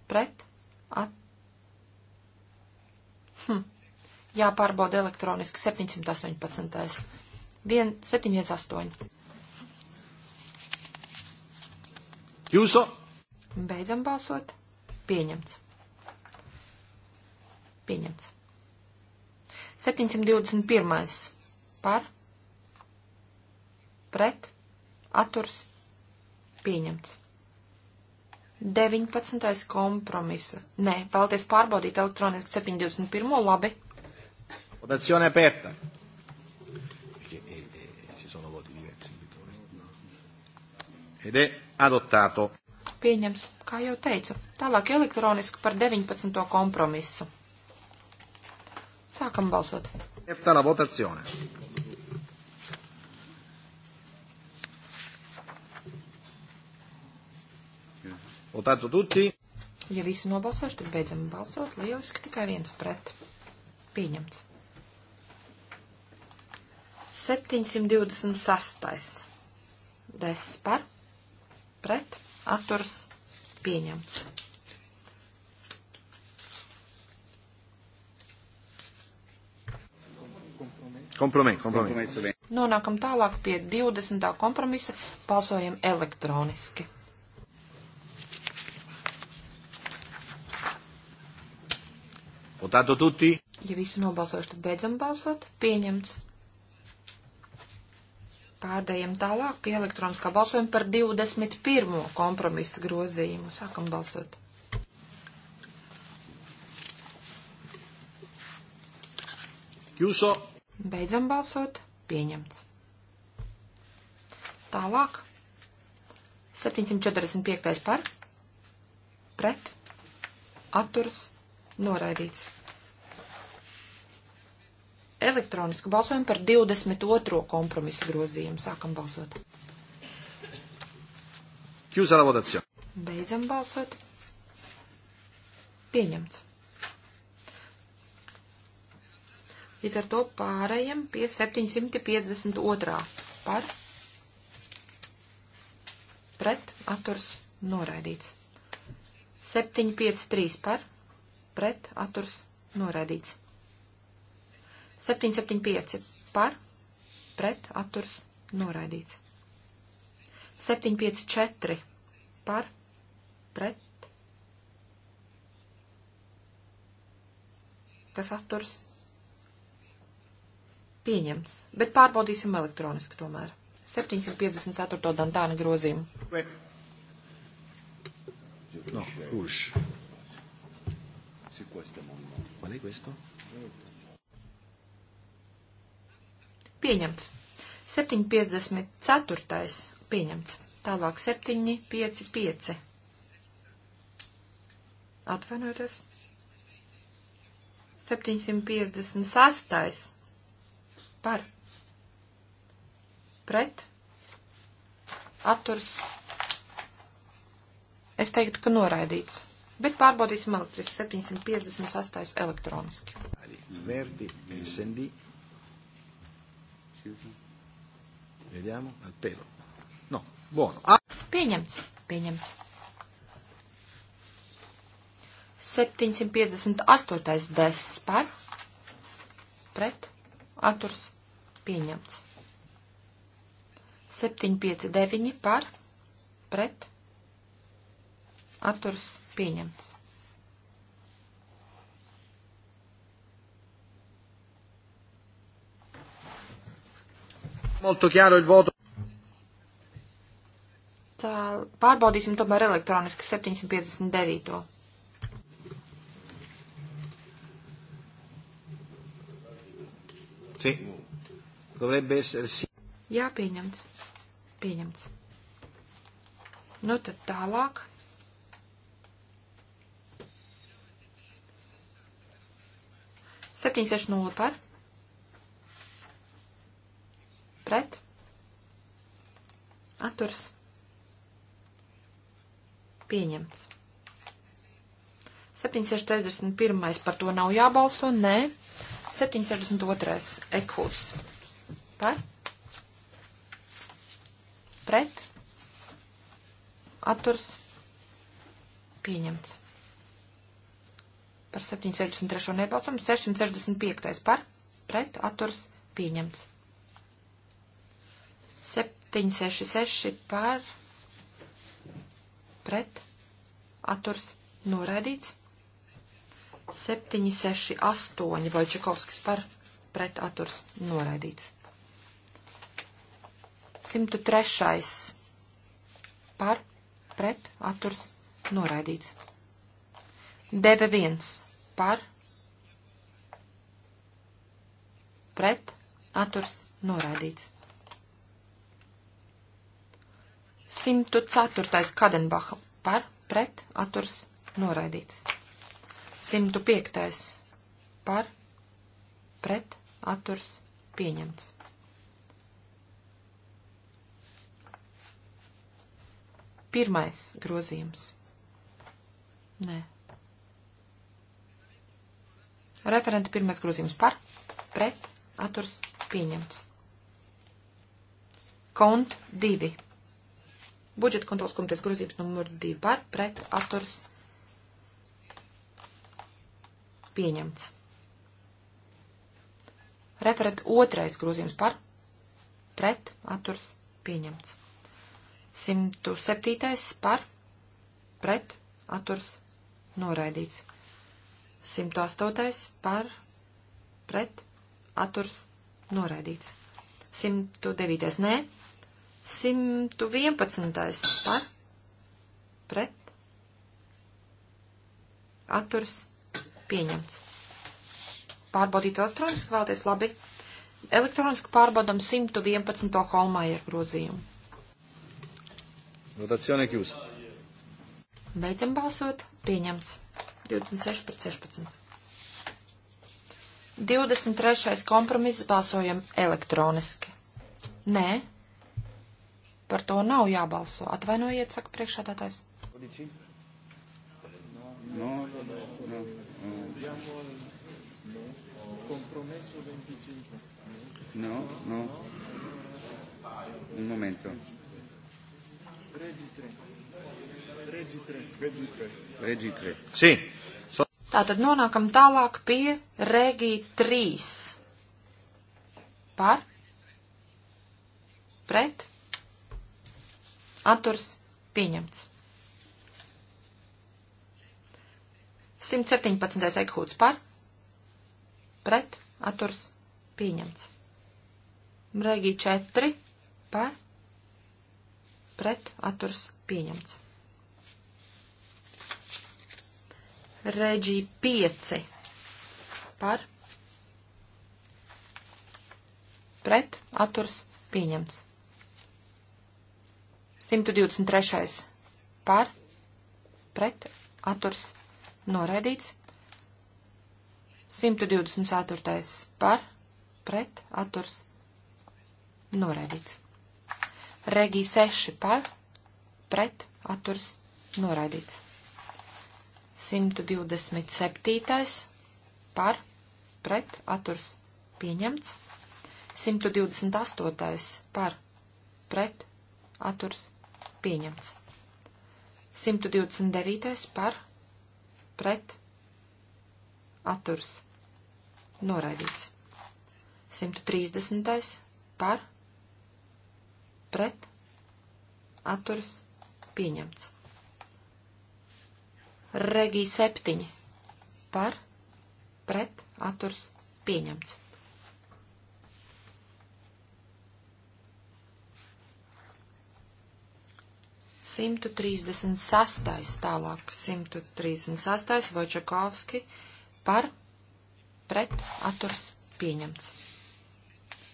pret, at. Hm. Jāpārbauda elektroniski 718. 1718. Jūsu. Beidzam balsot. Pieņemts. Pieņemts. 721. Par. Pret. Aturs. Pieņemts. 19. kompromisu. Nē, vēlaties pārbaudīt elektroniski 721. Labi. Votazione aperta. Ed è adottato. Pieņems, kā jau teicu, tālāk elektroniski par 19. kompromisu. Sākam balsot. Aperta la votazione. Votato tutti. Ja visi nobalsojuši, tad beidzam balsot. Lieliski, tikai viens pret. Pieņemts. 726. Des par. Pret. Atturs. Pieņemts. Kompromis, kompromis. Nonākam tālāk pie 20. kompromisa. Balsojam elektroniski. Votato tutti? Ja visi nobalsojuši, tad beidzam balsot. Pieņemts. Pārdējam tālāk pie elektroniskā balsojuma par 21. kompromisa grozījumu. Sākam balsot. Jūso. Beidzam balsot. Pieņemts. Tālāk. 745. par. Pret. Atturs Noraidīts. Elektroniski balsojam par 22. kompromisa grozījumu. Sākam balsot. Chiusa la votazione. Beidzam balsot. Pieņemts. Līdz ar to pārējiem pie 752. par pret atturs noraidīts. 753 par pret atturs noraidīts. 775 par pret atturs noraidīts. 754 par pret. Kas atturs? Pieņems, bet pārbaudīsim elektroniski tomēr. 754. Dantāna grozījumu. No, nu, kurš? su questo amendement. Qual è questo? Pieņemts. 754. Pieņemts. Tālāk 755. Atvainojos. 756. Par. Pret. Atturs. Es teiktu, ka noraidīts. Bet pārbaudīsim elektriski 758 elektroniski. Verdi, SND. Vediamo al pelo. No, buono. Ah. Pieņemts, pieņemts. 758 des par, pret, atturs, pieņemts. 759 par, pret, atturs pieņemts. Molto chiaro il voto. Tā, pārbaudīsim tomēr elektroniski 759. Sì. Dovrebbe essere sì. Jā, pieņemts. Pieņemts. Nu tad tālāk. 760 par. Pret. Atturs. Pieņemts. 741. par to nav jābalso, nē. 762. ekhus. Par. Pret. Atturs. Pieņemts. Par 763 nebalsam. 665 par pret atturs pieņemts. 766 par pret atturs noraidīts. 768 Vojčakovskis par pret atturs noraidīts. 103. par pret atturs noraidīts. DV1 par pret atturs noraidīts. 104. Kadenbacha par pret atturs noraidīts. 105. par pret atturs pieņemts. Pirmais grozījums. Nē, Referenta pirmais grozījums par, pret, atturs pieņemts. Kont 2. Budžeta kontrols komitejas grozījums numur 2 par, pret, atturs pieņemts. Referenta otrais grozījums par, pret, atturs pieņemts. 107. par, pret, atturs noraidīts. 108. par pret atturs noraidīts. 109. nē. 111. par pret atturs pieņemts. Pārbaudīt elektroniski vēlaties labi. Elektroniski pārbaudam 111. Holmaier grozījumu. Votazione chiusa. Beidzam balsot. Pieņemts. 26 pret 16. 23. kompromiss balsojam elektroniski. Nē, par to nav jābalso. Atvainojiet, saka priekšādātājs. No, no, no, no, no. Un momento. Regi 3. Regi 3. Regi 3. Regi 3. Sì. Tātad nonākam tālāk pie regī 3. Par? Pret? Atturs pieņemts. 117. ekhūts par? Pret? Atturs pieņemts. Regī 4. Par? Pret? Atturs pieņemts. Reģī 5 par pret atturs pieņemts. 123. par pret atturs noraidīts. 124. par pret atturs noraidīts. Regī 6 par pret atturs noraidīts. 127. par pret aturs pieņemts. 128. par pret aturs pieņemts. 129. par pret aturs noraidīts. 130. par pret aturs pieņemts. Regija 7 par, pret, atturs pieņemts. Simtu trīsdesmit sastais, tālāk simtu trīsdesmit sastais, Vojčakovski par, pret, atturs pieņemts.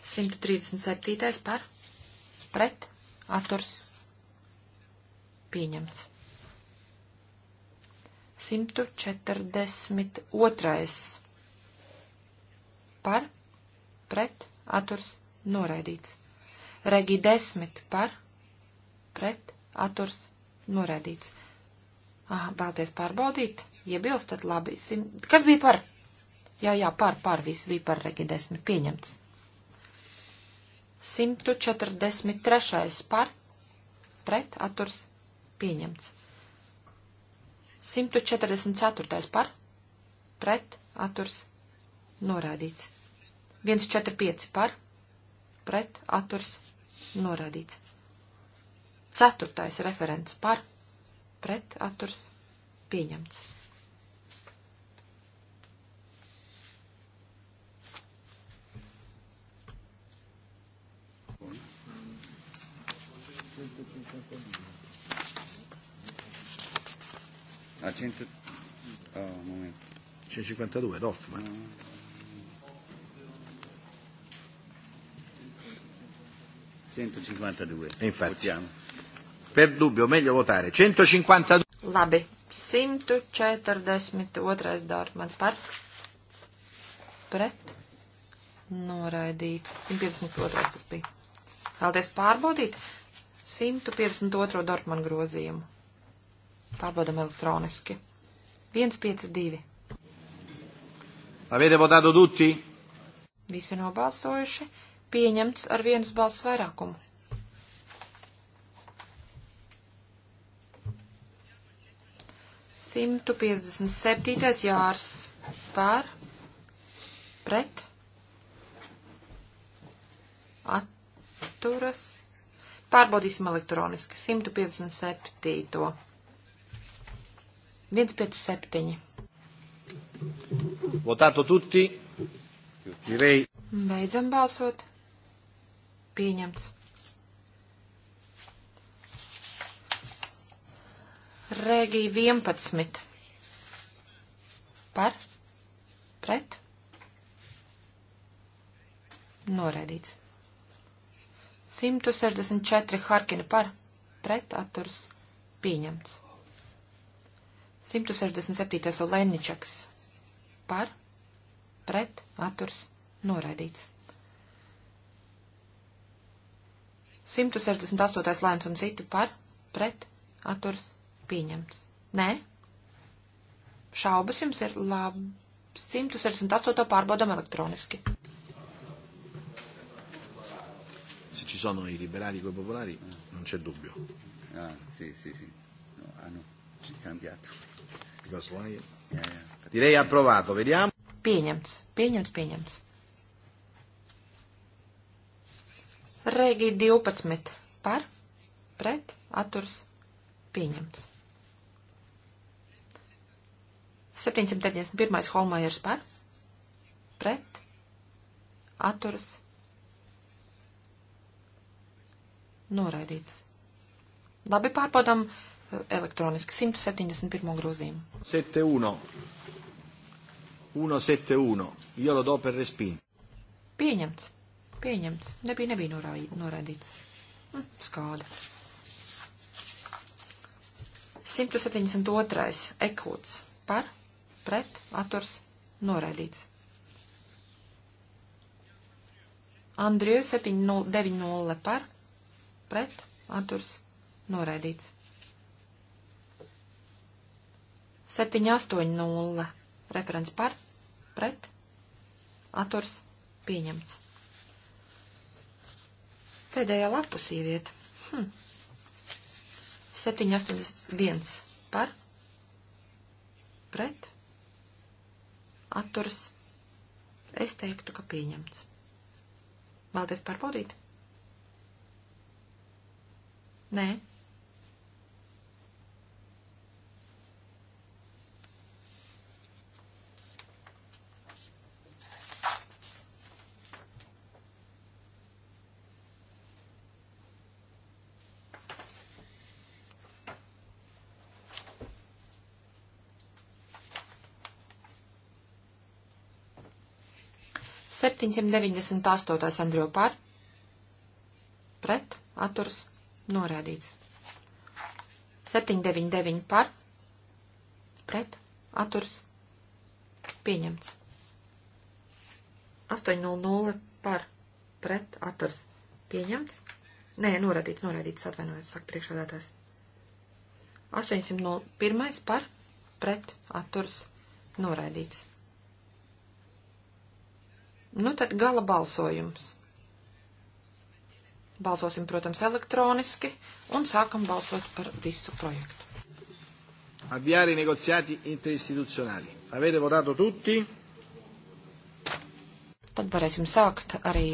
137. par pret atturs pieņemts. 142. Par, pret, aturs, noraidīts. Regi 10 par, pret, aturs, noraidīts. Aha, vēlties pārbaudīt, iebilstat, labi. Sim... Kas bija par? Jā, jā, par, par, viss bija par regi 10 pieņemts. 143. par, pret, aturs, pieņemts. 144. par, pret, atturs, norādīts. 145 par, pret, atturs, norādīts. Ceturtais referents par, pret, atturs, pieņemts. Thank you. A 100... Oh, un momento. 152 ad Hoffman. No. E infatti, Votiamo. per dubbio, meglio votare 152. Labi, 142. Dārman par pret noraidīts. 152. tas bija. Vēlties pārbaudīt 152. Dārman grozījumu. Pārbaudam elektroniski. 152. Avete votato tutti? Visi nobalsojuši. Pieņemts ar vienas balss vairākumu. Simtu piecdesmit septītais jārs pār, pret, atturas. Pārbaudīsim elektroniski. 157. 157. Votato tutti. Direi. Beidzam balsot. Pieņemts. Rēgī 11. Par? Pret? Noraidīts. 164 Harkina par? Pret atturs pieņemts. 167. Olēničaks par, pret, atturs, noraidīts. 168. lēns un citi par, pret, atturs, pieņemts. Nē? Šaubas jums ir labi. 168. pārbaudam elektroniski. Se ci sono i liberali coi popolari, non c'è dubbio. Ah, sì, sì, sì. No, hanno cambiato. Direi approvato, vediamo. Pieņemts, pieņemts, pieņemts. Regi 12 par, pret, atturs, pieņemts. 791. Holmajers par, pret, atturs, noraidīts. Labi, pārbaudam elektroniski 171. grozījumu. 71. 171. Io lo do per respinto. Pieņemts. Pieņemts. Nebija, nebija norāj, norādīts. Hm, skāda. 172. Ekūts. Par, pret, atturs, norādīts. Andriju 790 par, pret, atturs, norādīts. 780 referents par, pret, aturs pieņemts. Pēdējā lapu sīvieta. Hm. 781 par, pret, aturs, es teiktu, ka pieņemts. Vēlties pārbaudīt? Nē. 798. Andro par, pret, atturs, norādīts. 799 par, pret, atturs, pieņemts. 800 par, pret, atturs, pieņemts. Nē, norādīts, norādīts, atvainojos, saka priekšādātājs. 801 par, pret, atturs, norādīts. Nu, tad gala balsojums. Balsosim, protams, elektroniski un sākam balsot par visu projektu. Avviare i negoziati interistituzionali. Avete votato tutti? Tad varēsim sākt arī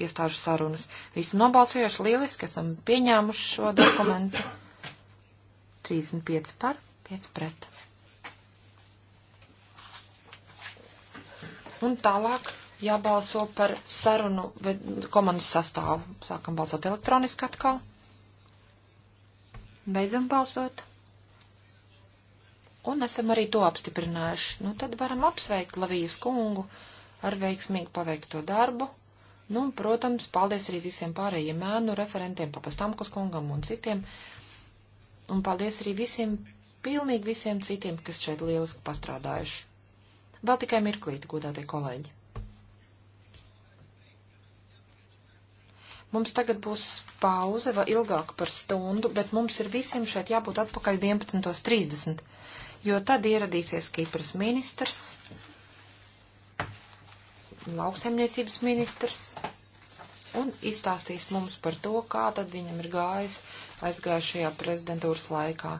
iestāžu sarunas. Visi nobalsojuši lieliski, esam pieņēmuši šo dokumentu. 35 par, 5 pret. Un tālāk jābalso par sarunu komandas sastāvu. Sākam balsot elektroniski atkal. Beidzam balsot. Un esam arī to apstiprinājuši. Nu, tad varam apsveikt Lavijas kungu ar veiksmīgi paveikto darbu. Nu, un, protams, paldies arī visiem pārējiem mēnu referentiem, papastamkus kungam un citiem. Un paldies arī visiem, pilnīgi visiem citiem, kas šeit lieliski pastrādājuši. Vēl tikai mirklīti, godātie kolēģi. Mums tagad būs pauze vai ilgāk par stundu, bet mums ir visiem šeit jābūt atpakaļ 11.30, jo tad ieradīsies Kipras ministrs, lauksaimniecības ministrs un izstāstīs mums par to, kā tad viņam ir gājis aizgājušajā prezidentūras laikā.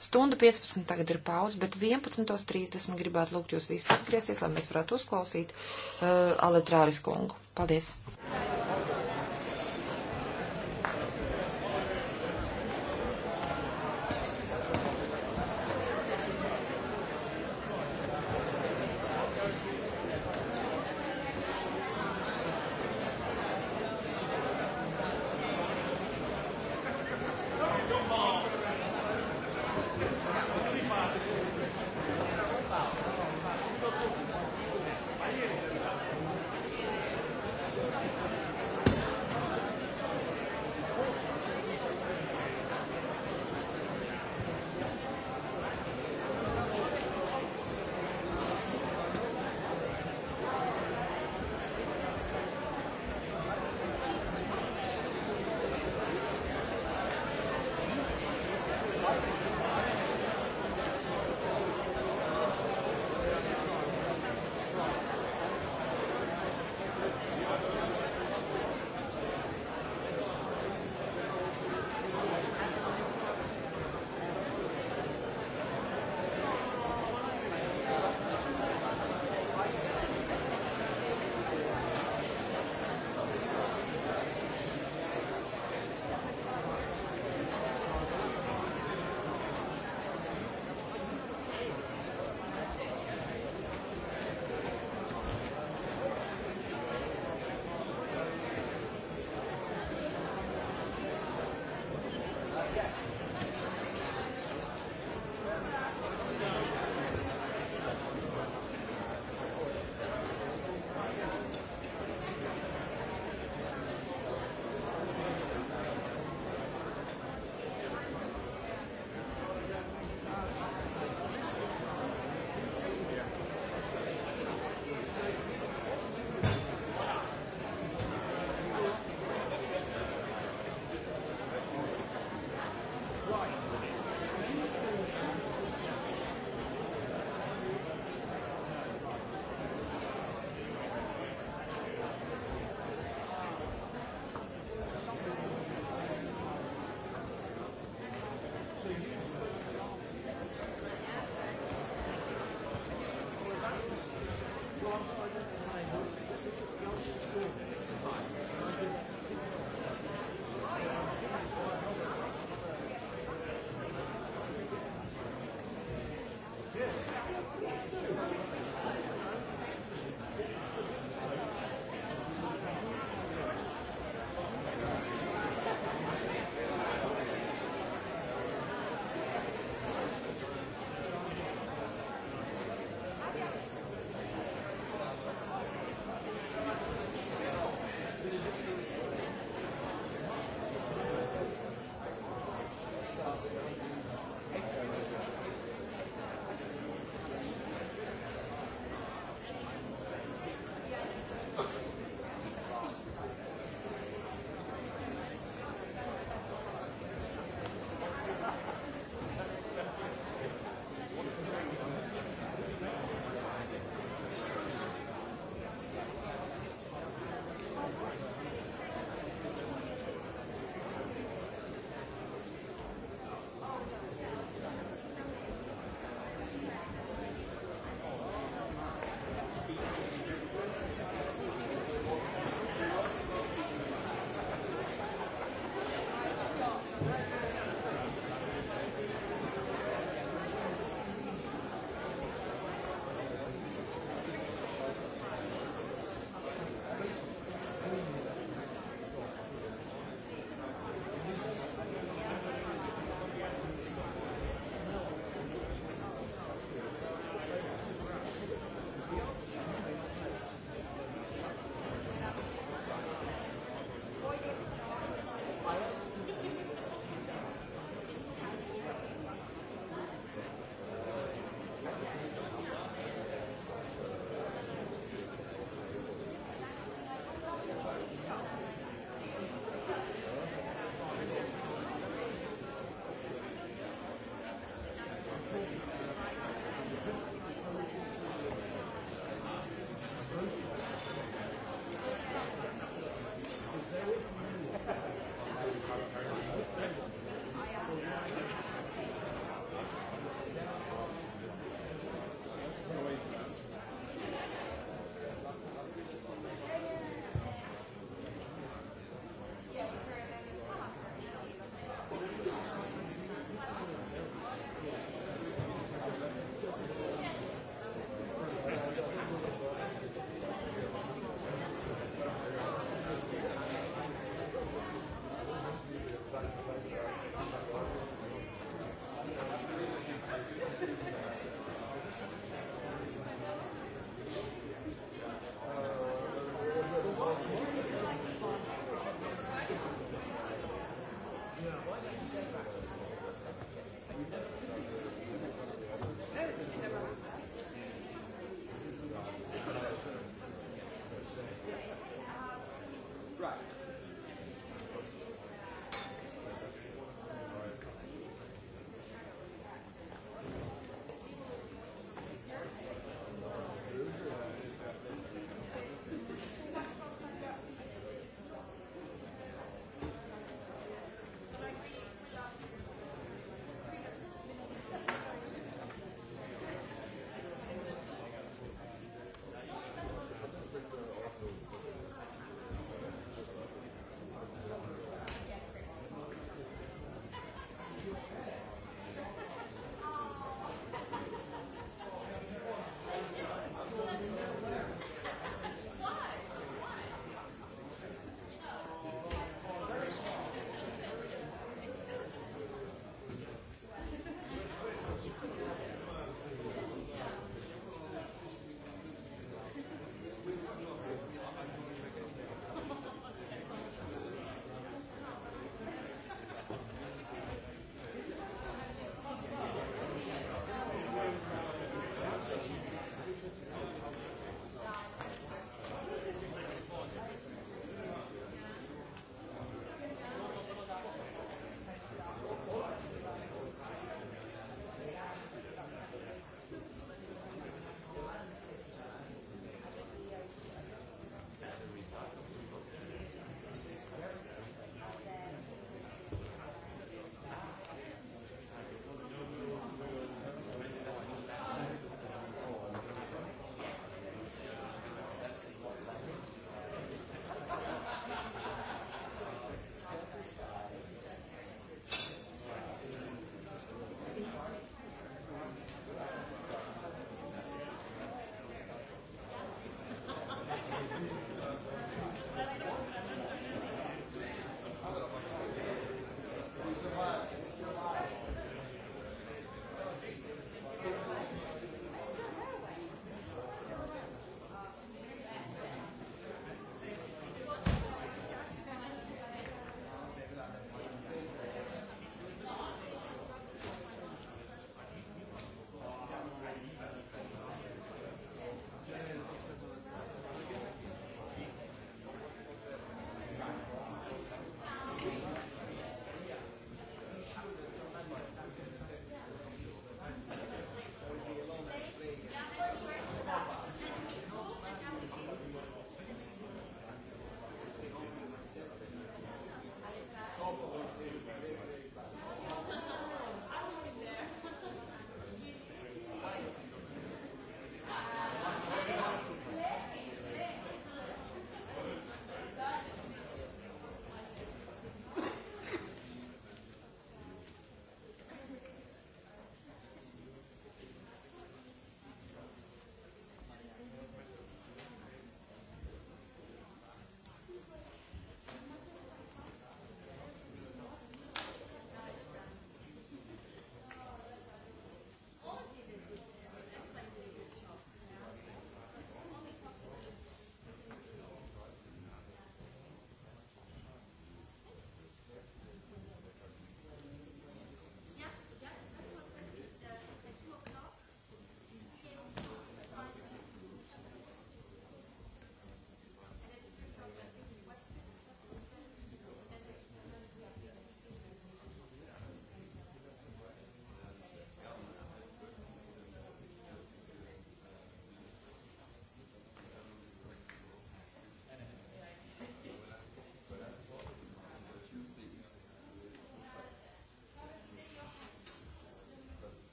Stunda 15 tagad ir pauze, bet 11.30 gribētu lūgt jūs visus atgriezties, lai mēs varētu uzklausīt uh, Aletrāris kungu. Paldies!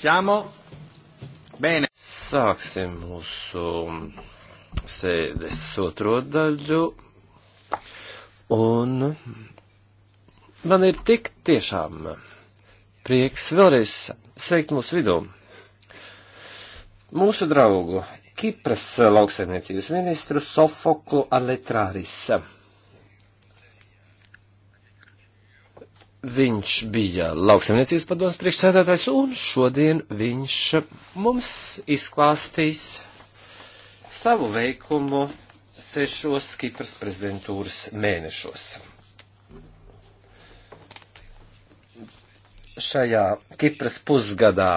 Siamo? Bene. Sāksim mūsu sēdes otro daļu. Un man ir tik tiešām prieks vēlreiz sveikt mūsu vidū. Mūsu draugu Kipras lauksaimniecības ministru Sofoklu Aletrārisa Viņš bija lauksaimniecības padomas priekšsēdētājs, un šodien viņš mums izklāstīs savu veikumu sešos Kipras prezidentūras mēnešos. Šajā Kipras pusgadā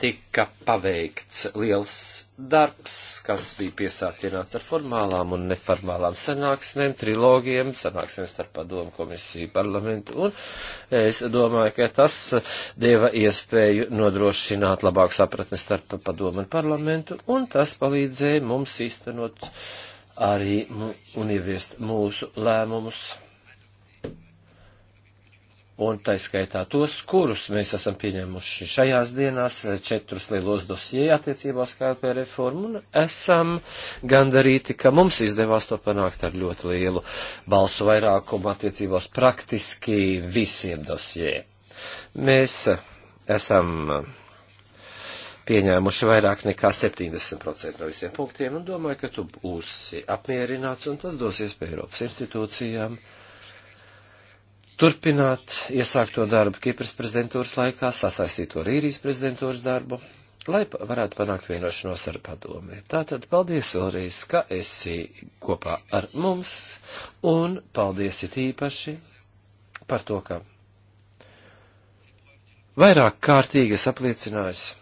tika paveikts liels darbs, kas bija piesātināts ar formālām un neformālām sanāksmēm, trilogiem, sanāksmēm starp padomu komisiju parlamentu, un es domāju, ka tas deva iespēju nodrošināt labāku sapratni starp padomu un parlamentu, un tas palīdzēja mums īstenot arī un ieviest mūsu lēmumus un taiskaitā tos, kurus mēs esam pieņēmuši šajās dienās, eh, četrus lielos dosijai attiecībās KLP reformu, un esam gandarīti, ka mums izdevās to panākt ar ļoti lielu balsu vairākumu attiecībās praktiski visiem dosijai. Mēs eh, esam eh, pieņēmuši vairāk nekā 70% no visiem punktiem, un domāju, ka tu būsi apmierināts, un tas dos iespēju Eiropas institūcijām. Uh, turpināt iesākto darbu Kipras prezidentūras laikā, sasaistīt to ar īrijas prezidentūras darbu, lai varētu panākt vienošanos ar padomi. Tātad paldies vēlreiz, ka esi kopā ar mums, un paldies it īpaši par to, ka vairāk kārtīgi es apliecinājusi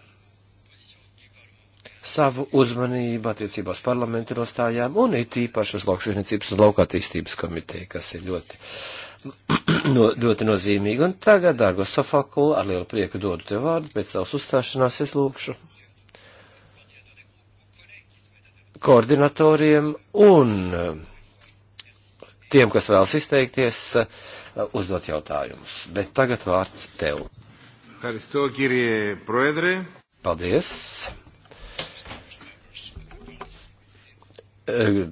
savu uzmanību attiecībā uz parlamentu nostājām un it īpaši uz lauksaimniecības un lauka attīstības komiteju, kas ir ļoti no, ļoti nozīmīgi. Un tagad, dārgo Sofakulu, ar lielu prieku dodu tev vārdu, pēc tavas uzstāšanās es lūkšu koordinatoriem un eh, tiem, kas vēlas izteikties, eh, uzdot jautājumus. Bet tagad vārds tev. Paldies. Eh,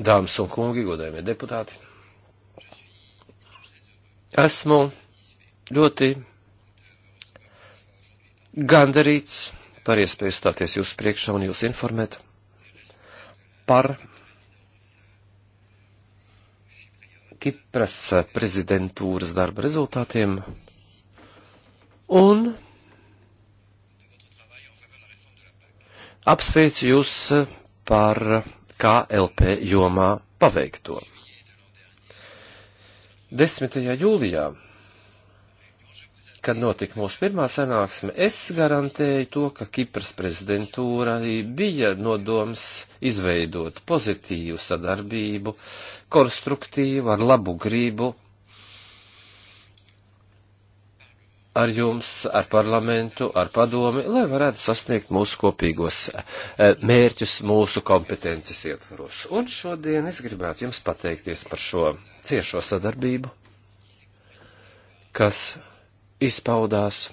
dāmas un kungi, godējumie deputāti. Esmu ļoti gandarīts par iespēju stāties jūsu priekšā un jūs informēt par Kipras prezidentūras darba rezultātiem un apsveicu jūs par KLP jomā paveikto. 10. jūlijā, kad notika mūsu pirmā sanāksme, es garantēju to, ka Kipras prezidentūra bija nodoms izveidot pozitīvu sadarbību, konstruktīvu, ar labu gribu ar jums, ar parlamentu, ar padomi, lai varētu sasniegt mūsu kopīgos eh, mērķus mūsu kompetences ietvaros. Un šodien es gribētu jums pateikties par šo ciešo sadarbību, kas izpaudās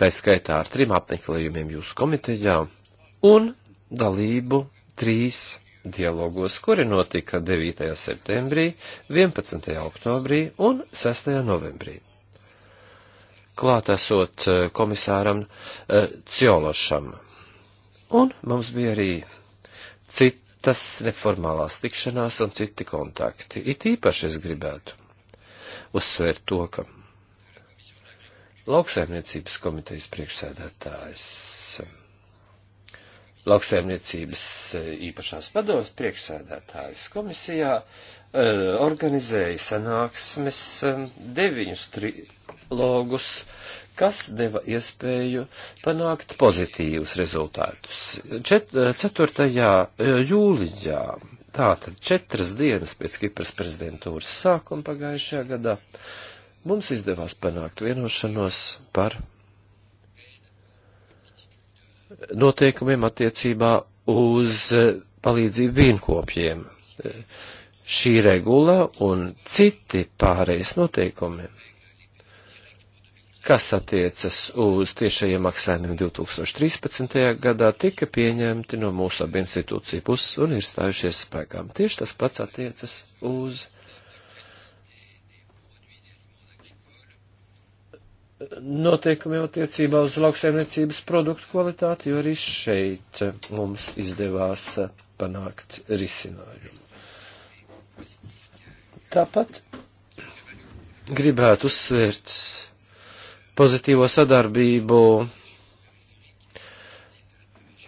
tā skaitā ar trim apmeklējumiem jūsu komitejā un dalību trīs dialogos, kuri notika 9. septembrī, 11. oktobrī un 6. novembrī. Klāt esot eh, komisāram eh, Ciološam. Un mums bija arī citas neformālās tikšanās un citi kontakti. It īpaši es gribētu uzsvērt to, ka lauksaimniecības komitejas priekšsēdētājs lauksaimniecības eh, īpašās padomas priekšsēdētājs komisijā eh, organizēja sanāksmes eh, deviņus trilogus, kas deva iespēju panākt pozitīvus rezultātus. Čet, 4. jūlijā, tātad četras dienas pēc Kipras prezidentūras sākuma pagājušajā gadā, mums izdevās panākt vienošanos par noteikumiem attiecībā uz palīdzību vīnkopjiem. Šī regula un citi pārējais noteikumi, kas attiecas uz tiešajiem maksājumiem 2013. gadā, tika pieņemti no mūsu abu institūciju puses un ir stājušies spēkām. Tieši tas pats attiecas uz noteikumiem attiecībā uz lauksaimniecības produktu kvalitāti, jo arī šeit mums izdevās panākt risinājumu. Tāpat gribētu uzsvērt pozitīvo sadarbību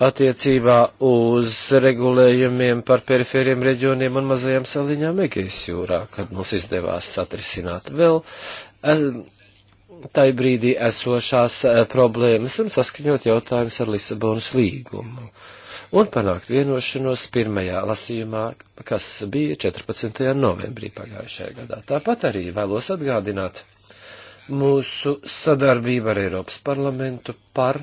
attiecībā uz regulējumiem par perifēriem reģioniem un mazajām saliņām Egejas jūrā, kad mums izdevās satrisināt vēl eh, tai brīdī esošās eh, problēmas un saskaņot jautājumus ar Lisabonas līgumu un panākt vienošanos pirmajā lasījumā, kas bija 14. novembrī pagājušajā gadā. Tāpat arī vēlos atgādināt mūsu sadarbību ar Eiropas parlamentu par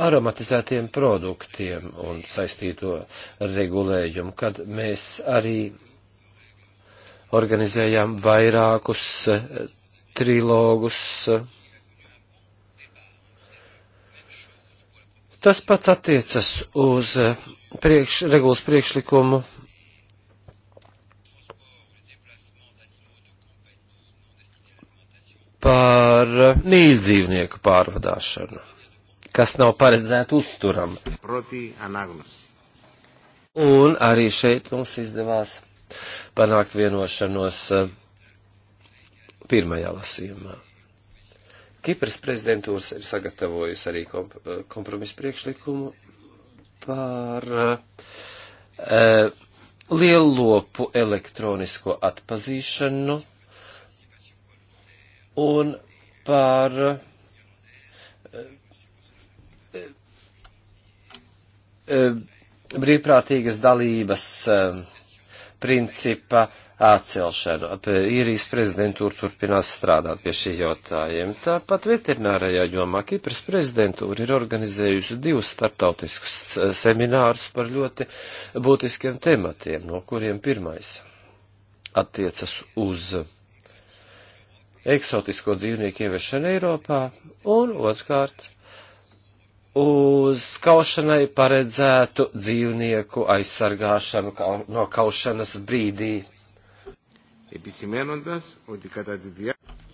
aromatizētiem produktiem un saistīto regulējumu, kad mēs arī organizējām vairākus eh, trilogus. Tas pats attiecas uz eh, priekš, regulas priekšlikumu par eh, mīļdzīvnieku pārvadāšanu, kas nav paredzēta uzturam. Un arī šeit mums izdevās panākt vienošanos eh, pirmajā lasījumā. Kipras prezidentūras ir sagatavojusi arī eh, kompromisu priekšlikumu par uh, eh, liellopu elektronisko atpazīšanu un par uh, uh, brīvprātīgas dalības uh, principa atcelšanu. Īrijas prezidentūra turpinās strādāt pie šī jautājuma. Tāpat veterinārajā jomā Kipras prezidentūra ir organizējusi divus starptautiskus seminārus par ļoti būtiskiem tematiem, no kuriem pirmais attiecas uz eksotisko dzīvnieku ieviešanu Eiropā un otrkārt uz kaušanai paredzētu dzīvnieku aizsargāšanu no kaušanas brīdī.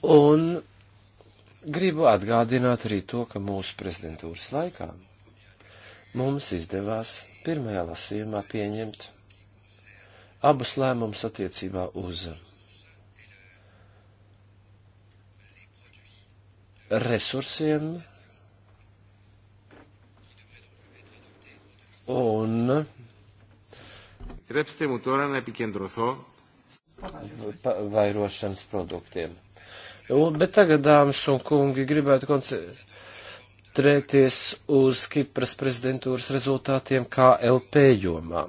Un gribu atgādināt arī to, ka mūsu prezidentūras laikā mums izdevās pirmajā lasījumā pieņemt abus lēmumus attiecībā uz resursiem Un... Trepstie mu torā nepikendroso. Vairošanas produktiem. Un, bet tagad, dāmas un kungi, gribētu koncentrēties uz Kipras prezidentūras rezultātiem KLP jomā.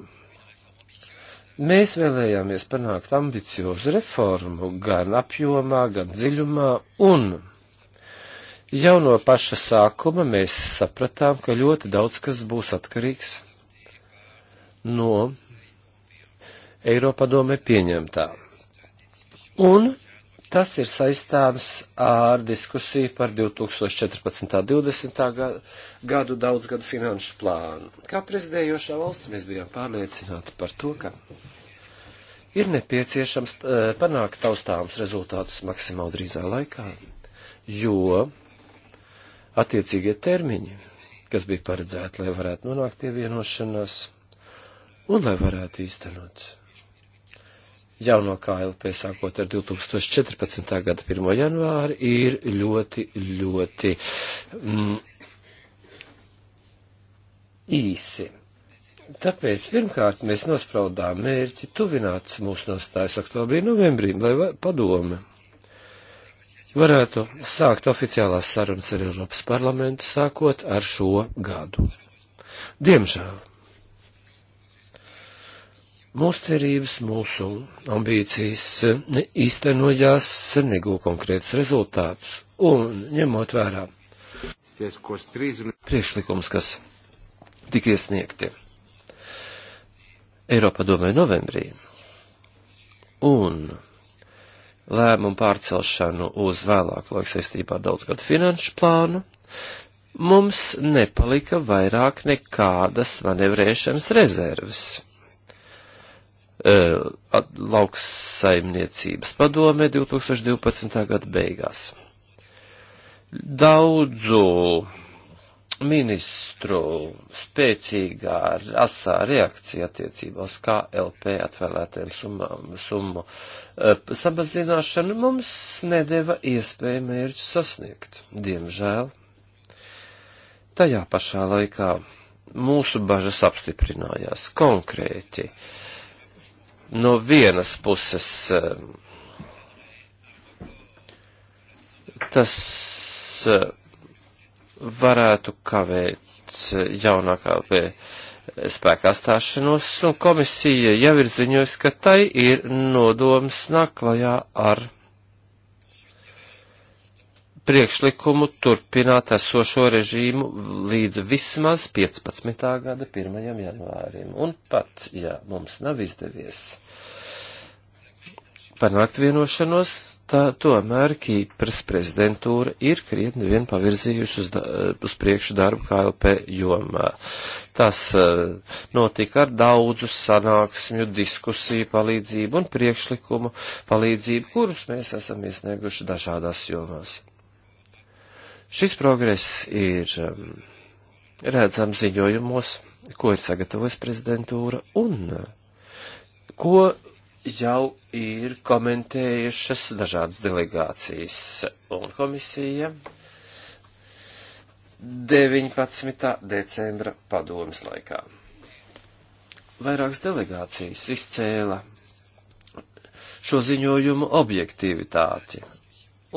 Mēs vēlējāmies panākt ambiciozu reformu gan apjomā, gan dziļumā, un jau no paša sākuma mēs sapratām, ka ļoti daudz kas būs atkarīgs no Eiropadome pieņemtā. Un tas ir saistāms ar diskusiju par 2014.20. gadu daudzgadu finanšu plānu. Kā prezidējošā valsts mēs bijām pārliecināti par to, ka ir nepieciešams eh, panākt taustāms rezultātus maksimāli drīzā laikā, jo attiecīgie termiņi, kas bija paredzēti, lai varētu nonākt pie vienošanās, un lai varētu īstenot jauno KLP sākot ar 2014. gada 1. janvāri ir ļoti, ļoti mm, īsi. Tāpēc pirmkārt mēs nospraudām mērķi tuvināt mūsu nostājas oktobrī, novembrī, lai padome varētu sākt oficiālās sarunas ar Eiropas parlamentu sākot ar šo gadu. Diemžēl Mūsu cerības, mūsu ambīcijas eh, īstenojās, eh, negūja konkrētus rezultātus, un ņemot vērā priekšlikums, kas tika iesniegti Eiropa domē novembrī, un lēmumu pārcelšanu uz vēlāku laiku saistībā ar daudzgadu finanšu plānu, mums nepalika vairāk nekādas manevrēšanas rezerves Eh, lauksaimniecības padome 2012. gada beigās. Daudzu ministru spēcīgā asā reakcija attiecībā uz KLP atvēlētiem summām, summu eh, samazināšanu mums nedēva iespēju mērķu sasniegt. Diemžēl tajā pašā laikā mūsu bažas apstiprinājās konkrēti. Uh, no vienas puses eh, tas eh, varētu kavēt jaunākā spēkā stāšanos, un komisija jau ir ziņojusi, ka tai ir nodoms naklajā ar priekšlikumu turpināt esošo režīmu līdz vismaz 15. gada 1. janvārim. Un pat, ja mums nav izdevies panākt vienošanos, tā tomēr Kīpras prezidentūra ir krietni vien pavirzījusi uz, da, uz priekšu darbu KLP jomā. Tas eh, notika ar daudzu sanāksmju, diskusiju palīdzību un priekšlikumu palīdzību, kurus mēs esam iesnieguši dažādās jomās. Šis progress ir um, redzams ziņojumos, ko ir sagatavojis prezidentūra un ko jau ir komentējušas dažādas delegācijas un komisija 19. decembra padomas laikā. Vairākas delegācijas izcēla šo ziņojumu objektivitāti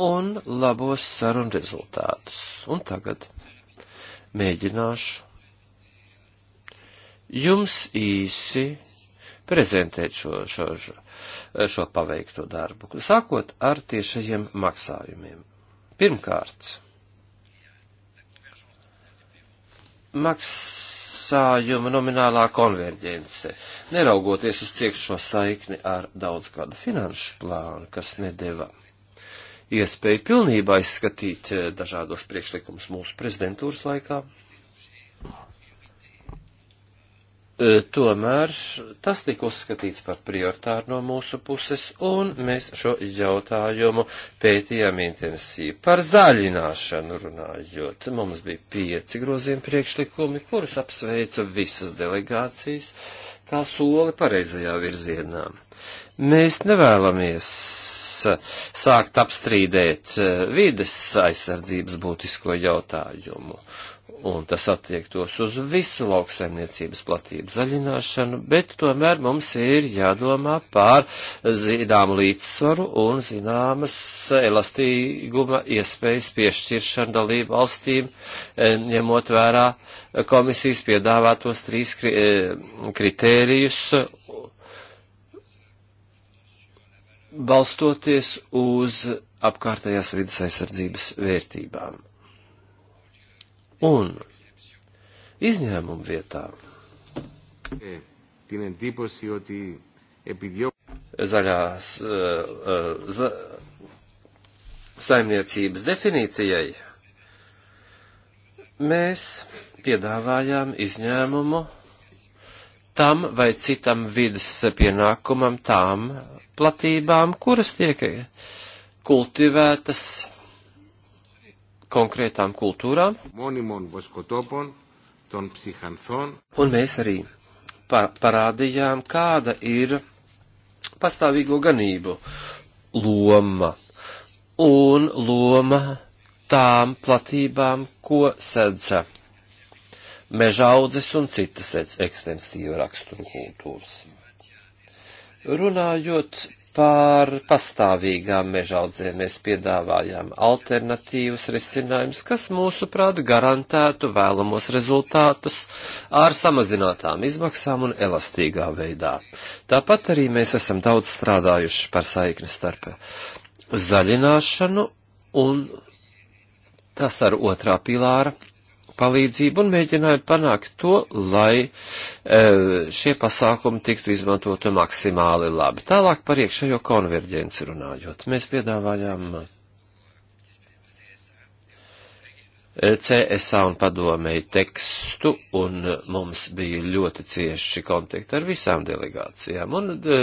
un labos sarunu rezultātus. Un tagad mēģināšu jums īsi prezentēt šo, šo, šo, šo paveikto darbu, sākot ar tiešajiem maksājumiem. Pirmkārt, maksājuma nominālā konverģence, neraugoties uz ciekšo saikni ar daudzgadu finanšu plānu, kas nedeva iespēju pilnībā izskatīt eh, dažādos priekšlikumus mūsu prezidentūras laikā. Eh, tomēr tas tika uzskatīts par prioritāru no mūsu puses, un mēs šo jautājumu pētījām intensīvi. Par zaļināšanu runājot, mums bija pieci grozījumi priekšlikumi, kurus apsveica visas delegācijas kā soli pareizajā virzienā. Mēs nevēlamies Eh, sākt apstrīdēt eh, vides aizsardzības būtisko jautājumu. Un tas attiektos uz visu lauksaimniecības platību zaļināšanu, bet tomēr mums ir jādomā par zināmu līdzsvaru un zināmas elastīguma iespējas piešķiršanu dalību valstīm, eh, ņemot vērā komisijas piedāvātos trīs kritērijus balstoties uz apkārtējās vidas aizsardzības vērtībām. Un izņēmumu vietā. Eh, zaļās uh, za, saimniecības definīcijai mēs piedāvājām izņēmumu tam vai citam vidas pienākumam tām platībām, kuras tiek kultivētas konkrētām kultūrām. Un mēs arī parādījām, kāda ir pastāvīgo ganību loma un loma tām platībām, ko sedza mežaudzes un citas ekstensīva rakstura kultūras. Runājot par pastāvīgām mežaudzēm, mēs piedāvājām alternatīvas risinājumus, kas mūsuprāt garantētu vēlamos rezultātus ar samazinātām izmaksām un elastīgā veidā. Tāpat arī mēs esam daudz strādājuši par saikni starp zaļināšanu un tas ar otrā pilāra palīdzību un mēģināja panākt to, lai e, šie pasākumi tiktu izmantoti maksimāli labi. Tālāk par iekšējo konverģenci runājot. Mēs piedāvājām e, CSA un padomēju tekstu, un mums bija ļoti cieši kontakti ar visām delegācijām. Un e,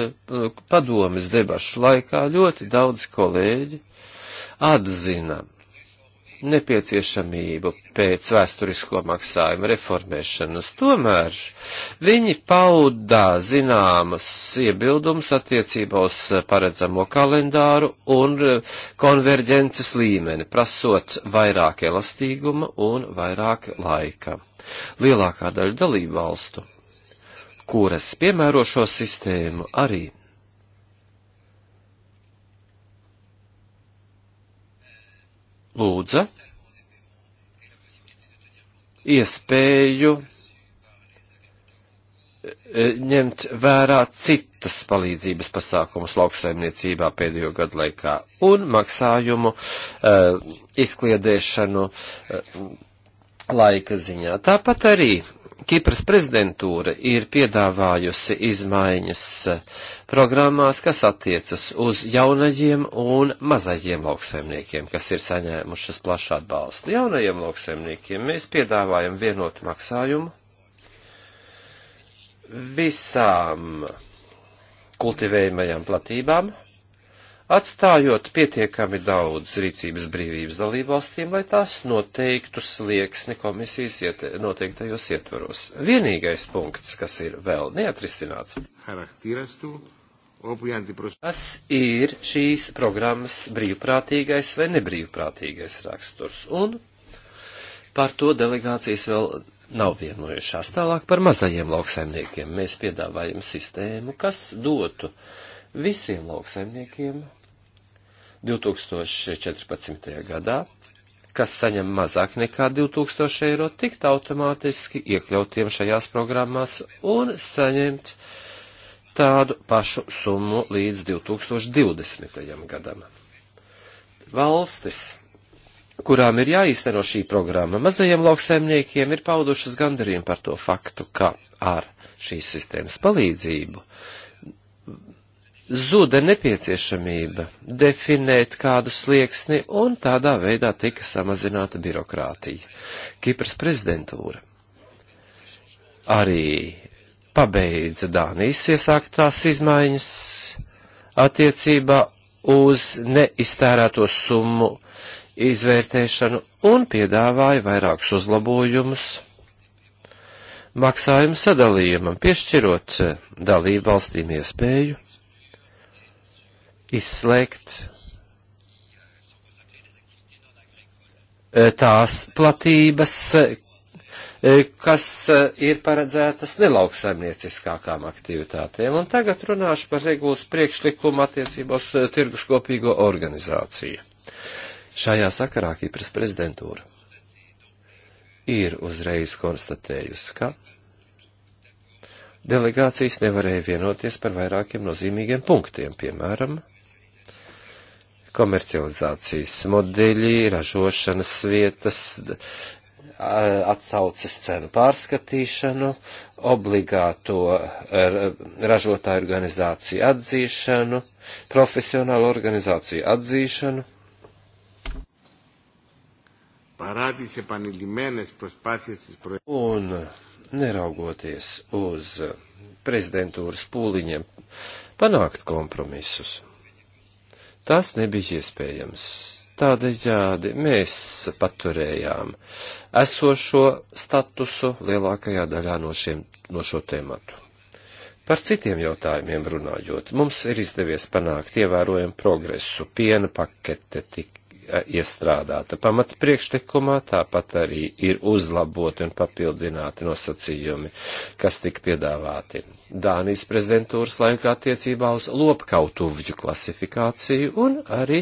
padomes debašu laikā ļoti daudz kolēģi atzina nepieciešamību pēc vēsturisko maksājumu reformēšanas. Tomēr viņi paudā zināmas iebildums attiecībā uz paredzamo kalendāru un konverģences līmeni, prasot vairāk elastīguma un vairāk laika. Lielākā daļa dalību valstu, kuras piemēro šo sistēmu, arī lūdza iespēju e, ņemt vērā citas palīdzības pasākumus lauksaimniecībā pēdējo gadu laikā un maksājumu uh, izkliedēšanu uh, laika ziņā. Tāpat arī Kipras prezidentūra ir piedāvājusi izmaiņas eh, programmās, kas attiecas uz jaunajiem un mazajiem lauksaimniekiem, kas ir saņēmušas plašu atbalstu. Jaunajiem lauksaimniekiem mēs piedāvājam vienotu maksājumu visām kultivējumajām platībām atstājot pietiekami daudz rīcības brīvības dalībvalstīm, lai tās noteiktu slieksni komisijas iet, noteiktajos ietvaros. Vienīgais punkts, kas ir vēl neatrisināts, tas ir šīs programmas brīvprātīgais vai nebrīvprātīgais raksturs, un par to delegācijas vēl nav vienojušās. Tālāk par mazajiem lauksaimniekiem mēs piedāvājam sistēmu, kas dotu visiem lauksaimniekiem 2014. gadā, kas saņem mazāk nekā 2000 eiro, tikt automātiski iekļautiem šajās programmās un saņemt tādu pašu summu līdz 2020. gadam. Valstis, kurām ir jāīsteno šī programma, mazajiem lauksaimniekiem ir paudušas gandarījumu par to faktu, ka ar šīs sistēmas palīdzību zuda nepieciešamība definēt kādu slieksni, un tādā veidā tika samazināta birokrātija. Kipras prezidentūra arī pabeidza Dānijas iesāktās izmaiņas attiecībā uz neiztērēto summu izvērtēšanu un piedāvāja vairākus uzlabojumus maksājumu sadalījumam, piešķirot dalību valstīm iespēju izslēgt e, tās platības, e, e, kas ir paredzētas nelauksaimnieciskākām aktivitātēm. Un tagad runāšu par regulas priekšlikumu attiecībos tirgus kopīgo organizāciju. Šajā sakarā Kipras prezidentūra ir uzreiz konstatējusi, ka delegācijas nevarēja vienoties par vairākiem nozīmīgiem punktiem, piemēram, komercializācijas modeļi, ražošanas vietas, atsaucas cenu pārskatīšanu, obligāto e, ražotāju organizāciju atzīšanu, profesionālu organizāciju atzīšanu. Un neraugoties uz prezidentūras pūliņiem, panākt kompromisus. Tas nebija iespējams. Tādējādi mēs paturējām esošo statusu lielākajā daļā no, šiem, no šo tēmatu. Par citiem jautājumiem runājot, mums ir izdevies panākt ievērojumu progresu. Piena pakete tik Eh, iestrādāta pamata priekšlikumā, tāpat arī ir uzlaboti un papildināti nosacījumi, kas tika piedāvāti Dānijas prezidentūras laikā attiecībā uz lopkautuvju klasifikāciju, un arī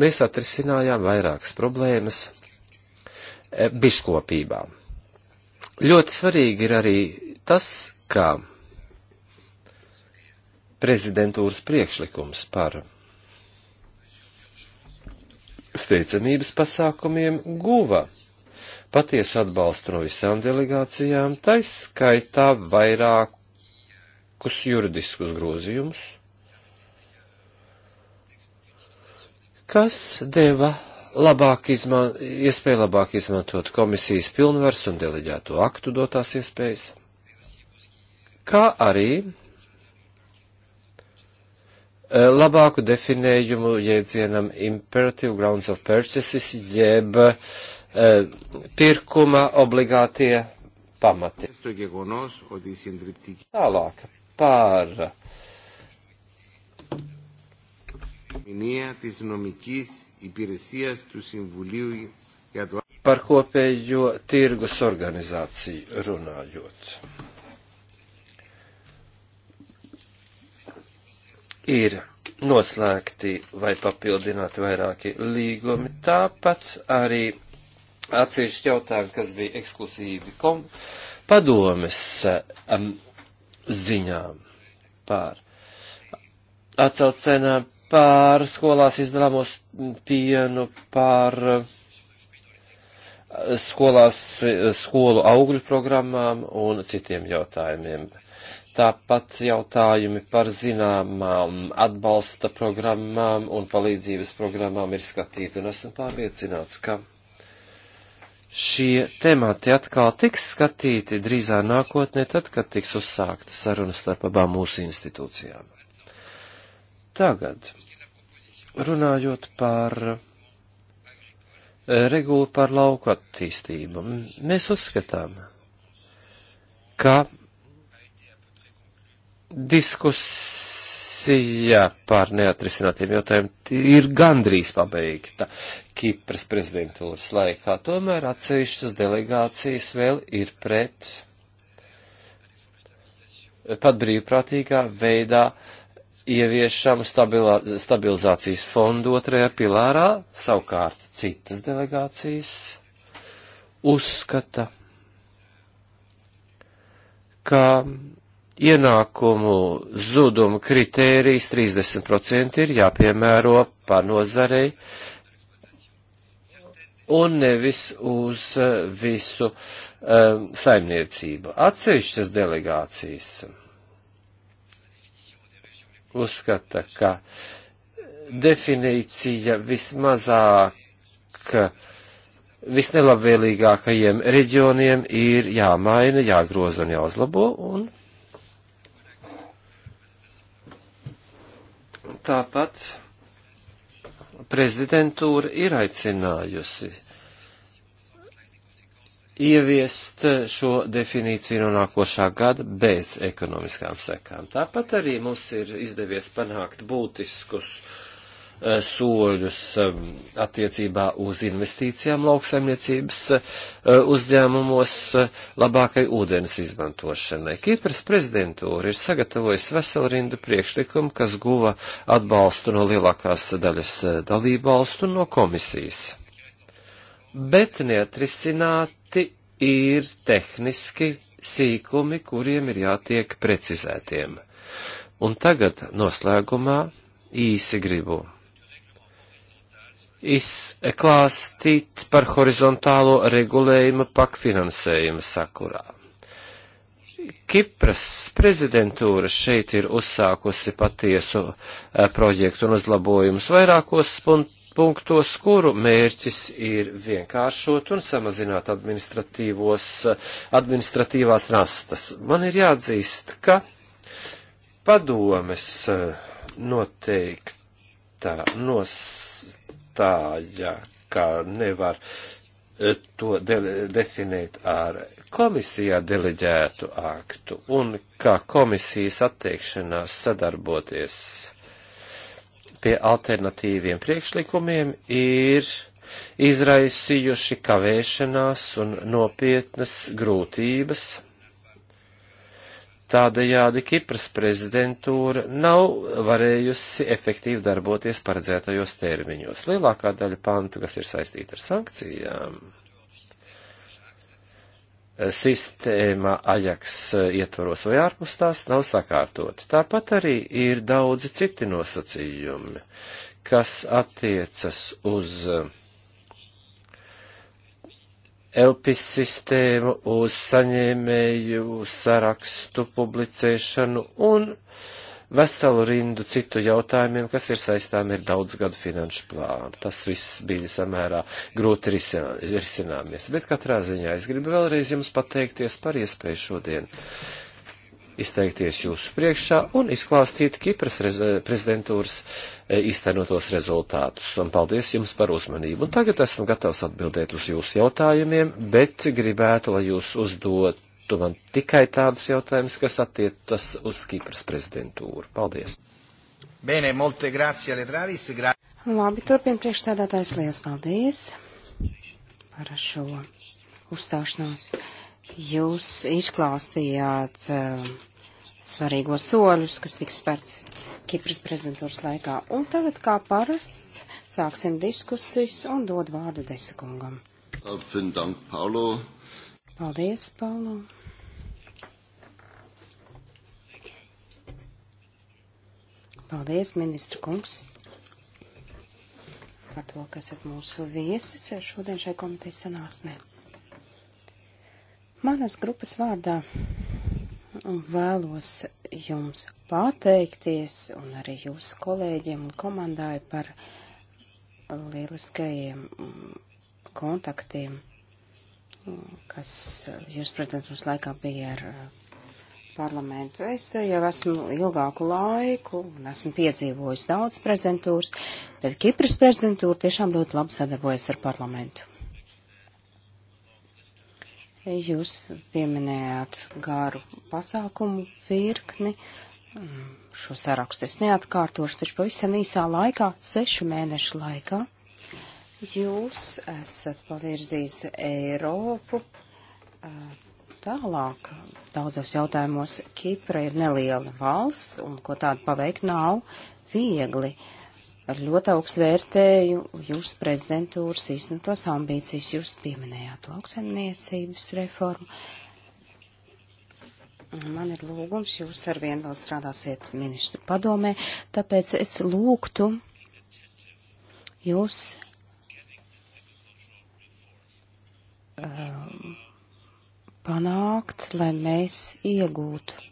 mēs atrisinājām vairākas problēmas eh, biškopībā. Ļoti svarīgi ir arī tas, ka prezidentūras priekšlikums par steidzamības pasākumiem guva patiesu atbalstu no visām delegācijām, taiskaitā vairākus juridiskus grozījumus, kas deva labāk izman, iespēju labāk izmantot komisijas pilnvars un deleģēto aktu dotās iespējas, kā arī Eh, labāku definējumu jēdzienam imperative grounds of purchases, jeb eh, pirkuma obligātie pamati. Tālāk par par kopējo tirgus organizāciju runājot. ir noslēgti vai papildināti vairāki līgumi. Tāpat arī atsevišķi jautājumi, kas bija ekskluzīvi kom padomes um, ziņām pār atcelt cenām, pār skolās izdalāmos pienu, pār uh, skolās, uh, skolu augļu programmām un citiem jautājumiem. Tāpat jautājumi par zināmām atbalsta programmām un palīdzības programmām ir skatīti, un esmu pārliecināts, ka šie temati atkal tiks skatīti drīzā nākotnē, tad, kad tiks uzsākta saruna starp abām mūsu institūcijām. Tagad, runājot par eh, regulu par lauku attīstību, mēs uzskatām, ka Diskusija par neatrisinātiem jautājumiem ir gandrīz pabeigta Kipras prezidentūras laikā, tomēr atsevišķas delegācijas vēl ir pret pat brīvprātīgā veidā ieviešamu stabilā, stabilizācijas fondu otrajā pilārā, savukārt citas delegācijas uzskata, ka ienākumu zuduma kritērijs 30% ir jāpiemēro pa nozarei un nevis uz eh, visu um, saimniecību. Atsevišķas delegācijas uzskata, ka definīcija vismazāk visnelabvēlīgākajiem reģioniem ir jāmaina, jāgroza un jāuzlabo, un Tāpat prezidentūra ir aicinājusi ieviest šo definīciju no nākošā gada bez ekonomiskām sekām. Tāpat arī mums ir izdevies panākt būtiskus uh, Eh, soļus eh, attiecībā uz investīcijām lauksaimniecības eh, uzņēmumos labākai ūdens izmantošanai. Kipras prezidentūra ir sagatavojis veselu rindu priekšlikumu, kas guva atbalstu no lielākās daļas dalībvalstu no komisijas. Bet neatrisināti ir tehniski sīkumi, kuriem ir jātiek precizētiem. Un tagad noslēgumā īsi gribu izklāstīt par horizontālo regulējumu pakfinansējumu sakurā. Kipras prezidentūra šeit ir uzsākusi patiesu eh, projektu un uzlabojumus vairākos punktos, kuru mērķis ir vienkāršot un samazināt administratīvās rastas. Man ir jāatzīst, ka padomes eh, noteikta nos nostāja, ka nevar e, to de definēt ar komisijā deleģētu aktu un kā komisijas attiekšanās sadarboties pie alternatīviem priekšlikumiem ir izraisījuši kavēšanās un nopietnas grūtības Tādējādi Kipras prezidentūra nav varējusi efektīvi darboties paredzētajos termiņos. Lielākā daļa pantu, kas ir saistīta ar sankcijām, sistēma Ajaks ietvaros vai ārpus tās nav sakārtota. Tāpat arī ir daudzi citi nosacījumi, kas attiecas uz uh, Elpis sistēmu, uz saņēmēju sarakstu publicēšanu un veselu rindu citu jautājumiem, kas ir saistām ar daudz gadu finanšu plānu. Tas viss bija samērā grūti risināmies, bet katrā ziņā es gribu vēlreiz jums pateikties par iespēju šodien izteikties jūsu priekšā un izklāstīt Kipras rez eh, prezidentūras eh, īstenotos rezultātus. Un paldies jums par uzmanību. Un tagad esmu gatavs atbildēt uz jūsu jautājumiem, bet gribētu, lai jūs uzdotu man tikai tādus jautājumus, kas attiecas uz Kipras prezidentūru. Paldies! Bene, molte grazie, Letraris. Gra Labi, turpin priekšstādātājs liels paldies par šo uzstāšanos. Jūs izklāstījāt uh, svarīgos soļus, kas tiks spērts Kipras prezidentūras laikā. Un tagad, kā parasts, sāksim diskusijas un dod vārdu Desekungam. Paldies, Paulo. Paldies, ministra kungs, par to, kas esat mūsu viesis šodien šai komitejas sanāksmē. Manas grupas vārdā vēlos jums pateikties un arī jūsu kolēģiem un komandai par lieliskajiem kontaktiem, kas jūs, protams, mums laikā bija ar uh, parlamentu. Es jau esmu ilgāku laiku un esmu piedzīvojis daudz prezentūras, bet Kipras prezentūra tiešām ļoti labi sadarbojas ar parlamentu. Jūs pieminējāt garu pasākumu virkni. Mm, šo sarakstu es neatkārtošu, taču pavisam īsā laikā, sešu mēnešu laikā, jūs esat pavirzījis Eiropu tālāk. Daudzos jautājumos Kipra ir neliela valsts, un ko tādu paveikt nav viegli. Uh, ar ļoti augstu vērtēju jūsu prezidentūras īstenotos ambīcijas. Jūs pieminējāt lauksaimniecības reformu. Man ir lūgums, jūs ar vienu vēl strādāsiet ministru padomē, tāpēc es lūgtu jūs um, panākt, lai mēs iegūtu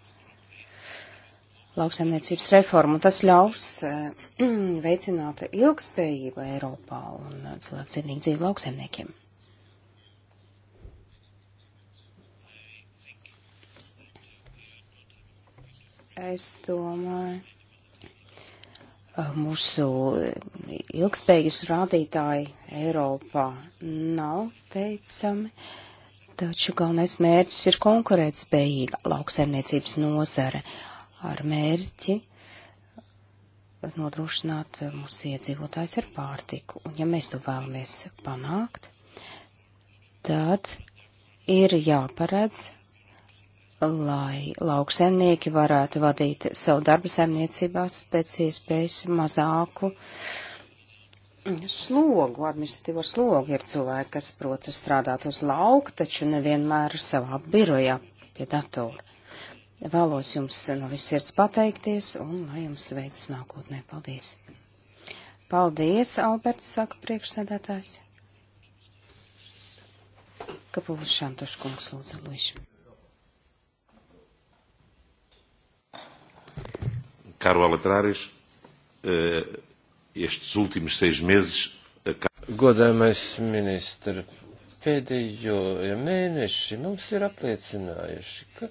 lauksaimniecības reformu. Tas ļaus eh, veicināt ilgspējību Eiropā un eh, cilvēkcienīgu dzīvi lauksaimniekiem. Es domāju, eh, mūsu ilgspējīgas rādītāji Eiropā nav teicami, taču galvenais mērķis ir konkurētspējīga lauksaimniecības nozare ar mērķi nodrošināt mūsu iedzīvotājs ar pārtiku. Un ja mēs to vēlamies panākt, tad ir jāparedz, lai lauksaimnieki varētu vadīt savu darbu saimniecībās pēc iespējas mazāku slogu, administratīvo slogu. Ir cilvēki, kas prot strādāt uz lauku, taču nevienmēr savā birojā pie datora. Vēlos jums no visirds pateikties un lai jums veicas nākotnē. Paldies! Paldies, Alberts, saka priekšsēdētājs. Kapulis Šantoškungs, lūdzu, lūdzu. Caro Alatrares, eh, estes últimos seis meses. Eh, Godājamais ministra, pēdējo mēneši mums ir apliecinājuši, ka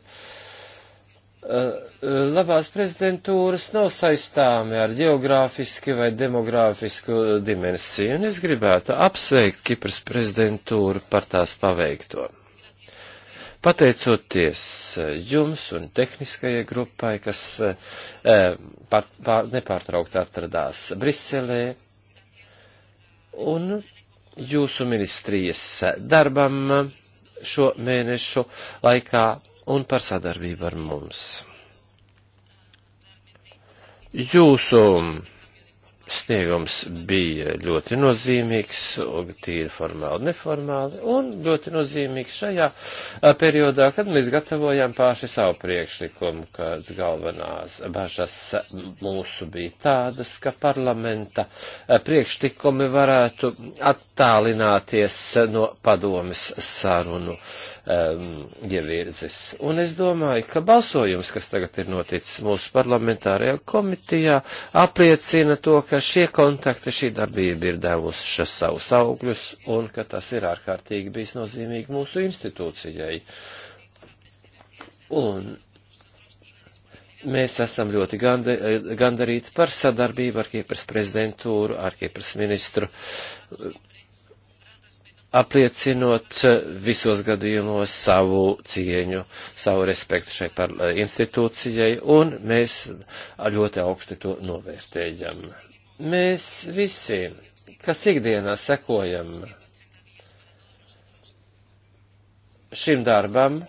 Eh, eh, labās prezidentūras nav saistāmi ar geogrāfiski vai demogrāfisku eh, dimensiju, un es gribētu apsveikt Kipras prezidentūru par tās paveikto. Pateicoties jums un tehniskajai grupai, kas e, par, pār, nepārtraukti atradās Briselē, un jūsu ministrijas darbam šo mēnešu laikā un par sadarbību ar mums. Jūsu sniegums bija ļoti nozīmīgs, tīri formāli, neformāli, un ļoti nozīmīgs šajā periodā, kad mēs gatavojām paši savu priekšlikumu, kad galvenās bažas mūsu bija tādas, ka parlamenta priekšlikumi varētu attālināties no padomes sarunu um, ievirzis. Un es domāju, ka balsojums, kas tagad ir noticis mūsu parlamentārajā komitijā, apliecina to, ka šie kontakti, šī darbība ir devusi savus augļus un ka tas ir ārkārtīgi bijis nozīmīgi mūsu institūcijai. Un Mēs esam ļoti gandarīti par sadarbību ar Kipras prezidentūru, ar Kipras ministru apliecinot eh, visos gadījumos savu cieņu, savu respektu šai par eh, institūcijai, un mēs ļoti augsti to novērtējam. Mēs visi, kas ikdienā sekojam šim darbam,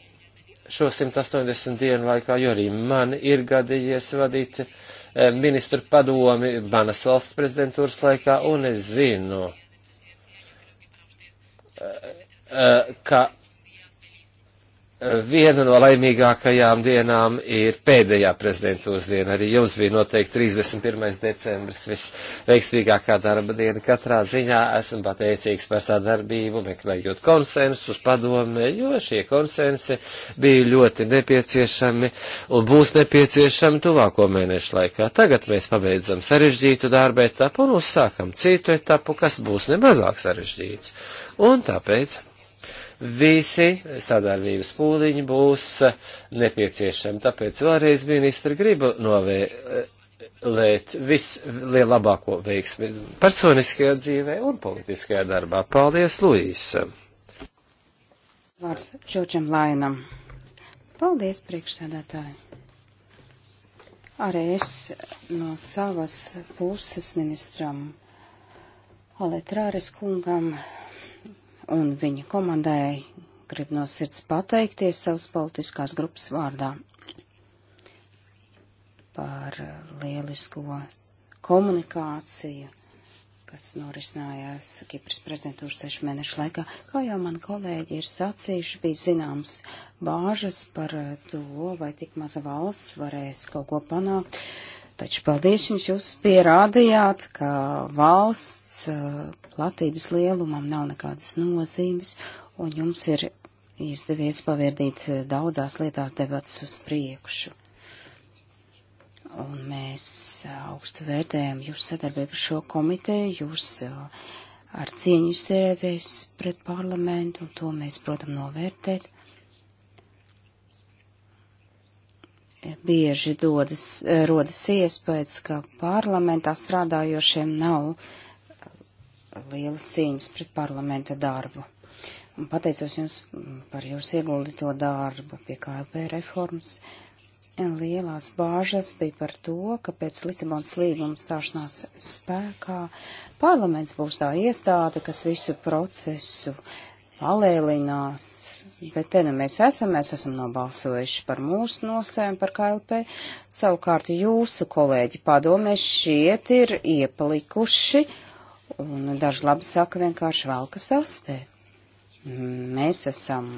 šo 180 dienu laikā, jo arī man ir gadījies vadīt eh, ministru padomi manas valsts prezidentūras laikā, un es zinu, Eh, ka eh, viena no laimīgākajām dienām ir pēdējā prezidentūras diena. Arī jums bija noteikti 31. decembris visveiksmīgākā darba diena. Katrā ziņā esmu pateicīgs par sadarbību, meklējot konsensus padomē, jo šie konsensi bija ļoti nepieciešami un būs nepieciešami tuvāko mēnešu laikā. Tagad mēs pabeidzam sarežģītu darba etapu un uzsākam citu etapu, kas būs nemazāk sarežģīts Un tāpēc visi sadarbības pūliņi būs nepieciešami. Tāpēc vēlreiz ministri gribu novēlēt vislielāko veiksmi personiskajā dzīvē un politiskajā darbā. Paldies, Luīs! Vārds Čočam Lainam. Paldies, priekšsēdētāji! Arī es no savas puses ministram Aletrāres kungam un viņa komandai grib no sirds pateikties savas politiskās grupas vārdā par lielisko komunikāciju, kas norisinājās Kipras prezidentūras sešu mēnešu laikā. Kā jau man kolēģi ir sacījuši, bija zināms bāžas par to, vai tik maza valsts varēs kaut ko panākt. Uh, Taču paldies jums, jūs pierādījāt, ka valsts platības lielumam nav nekādas nozīmes, un jums ir izdevies pavirdīt daudzās lietās debatas uz priekšu. Un mēs augstu vērtējam jūsu sadarbību ar šo komiteju, jūs ar cieņu izturēties pret parlamentu, un to mēs, protams, novērtēt. bieži dodas, eh, rodas iespējas, ka parlamentā strādājošiem nav liela cīņas pret parlamenta darbu. Un pateicos jums mm, par jūsu ieguldīto darbu pie KLP reformas. Lielās bāžas bija par to, ka pēc Lisabonas līguma stāšanās spēkā parlaments būs tā iestāde, kas visu procesu uh, palēlinās. Bet te nu mēs esam, mēs esam nobalsojuši par mūsu nostājumu par KLP. Savukārt jūsu kolēģi padomēs šiet ir iepalikuši un daži labi saka vienkārši velka sastē. Mēs esam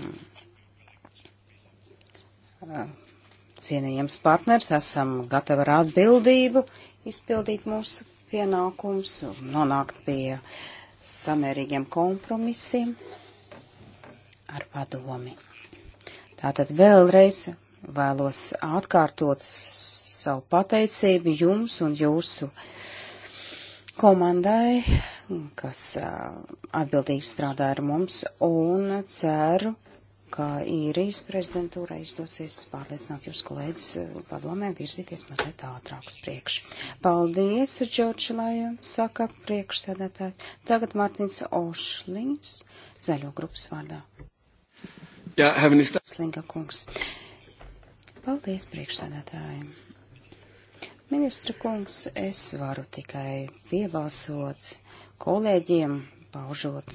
cienījams partners, esam gatavi ar atbildību izpildīt mūsu pienākums un nonākt pie samērīgiem kompromisiem ar padomi. Tātad vēlreiz vēlos atkārtot savu pateicību jums un jūsu komandai, kas atbildīgi strādā ar mums, un ceru, ka īrijas prezidentūra izdosies pārliecināt jūs kolēģis padomē virzīties mazliet ātrāk uz priekšu. Paldies, Džordž Lajon, saka priekšsēdētājs. Tagad Mārtiņš Ošlins, zaļo grupas vārdā. Jā, Heminista. Slinga kungs. Paldies priekšsēdētājiem. Ministra kungs, es varu tikai piebalsot kolēģiem, paužot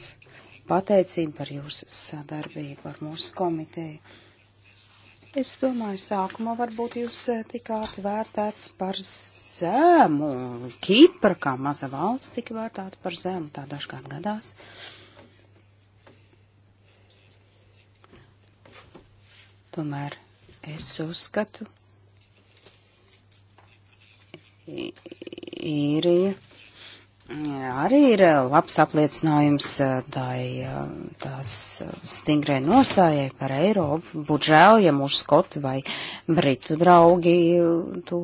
pateicību par jūsu sadarbību ar mūsu komiteju. Es domāju, sākumā varbūt jūs eh, tikāt vērtēts par zemu. Kipra, kā maza valsts, tika vērtēta par zemu, tā dažkārt gadās. Uh, Tomēr es uzskatu, īrija arī ir labs apliecinājums eh, tai, eh, tās eh, stingrai nostājai par Eiropu. Būtu žēl, ja mūsu skotu vai britu draugi to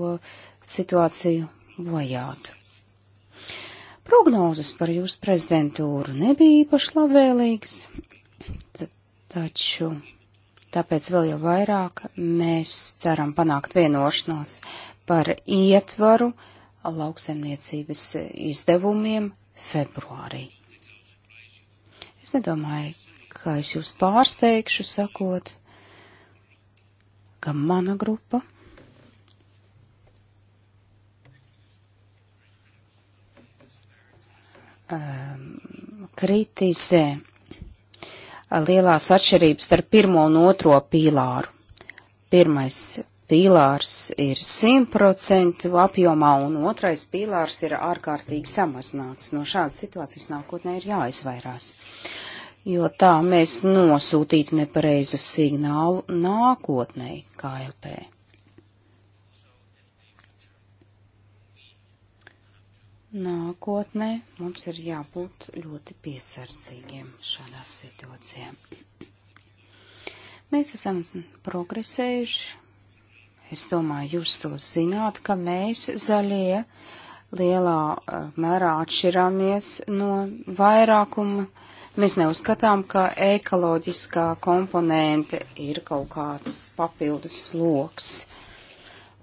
situāciju bojātu. Prognozes par jūsu prezidentūru nebija īpaši labvēlīgas, taču Tāpēc vēl jau vairāk mēs ceram panākt vienošanos par ietvaru lauksemniecības izdevumiem februārī. Es nedomāju, ka es jūs pārsteigšu sakot, ka mana grupa um, kritizē lielās atšķirības starp pirmo un otro pīlāru. Pirmais pīlārs ir 100% apjomā, un otrais pīlārs ir ārkārtīgi samazināts. No šādas situācijas nākotnē ir jāizvairās, jo tā mēs nosūtītu nepareizu signālu nākotnē KLP. Nākotnē mums ir jābūt ļoti piesardzīgiem šādās situācijā. Mēs esam progresējuši. Es domāju, jūs to zināt, ka mēs zaļie lielā eh, mērā atšķirāmies no vairākuma. Mēs neuzskatām, ka ekoloģiskā komponente ir kaut kāds papildus sloks. Uh,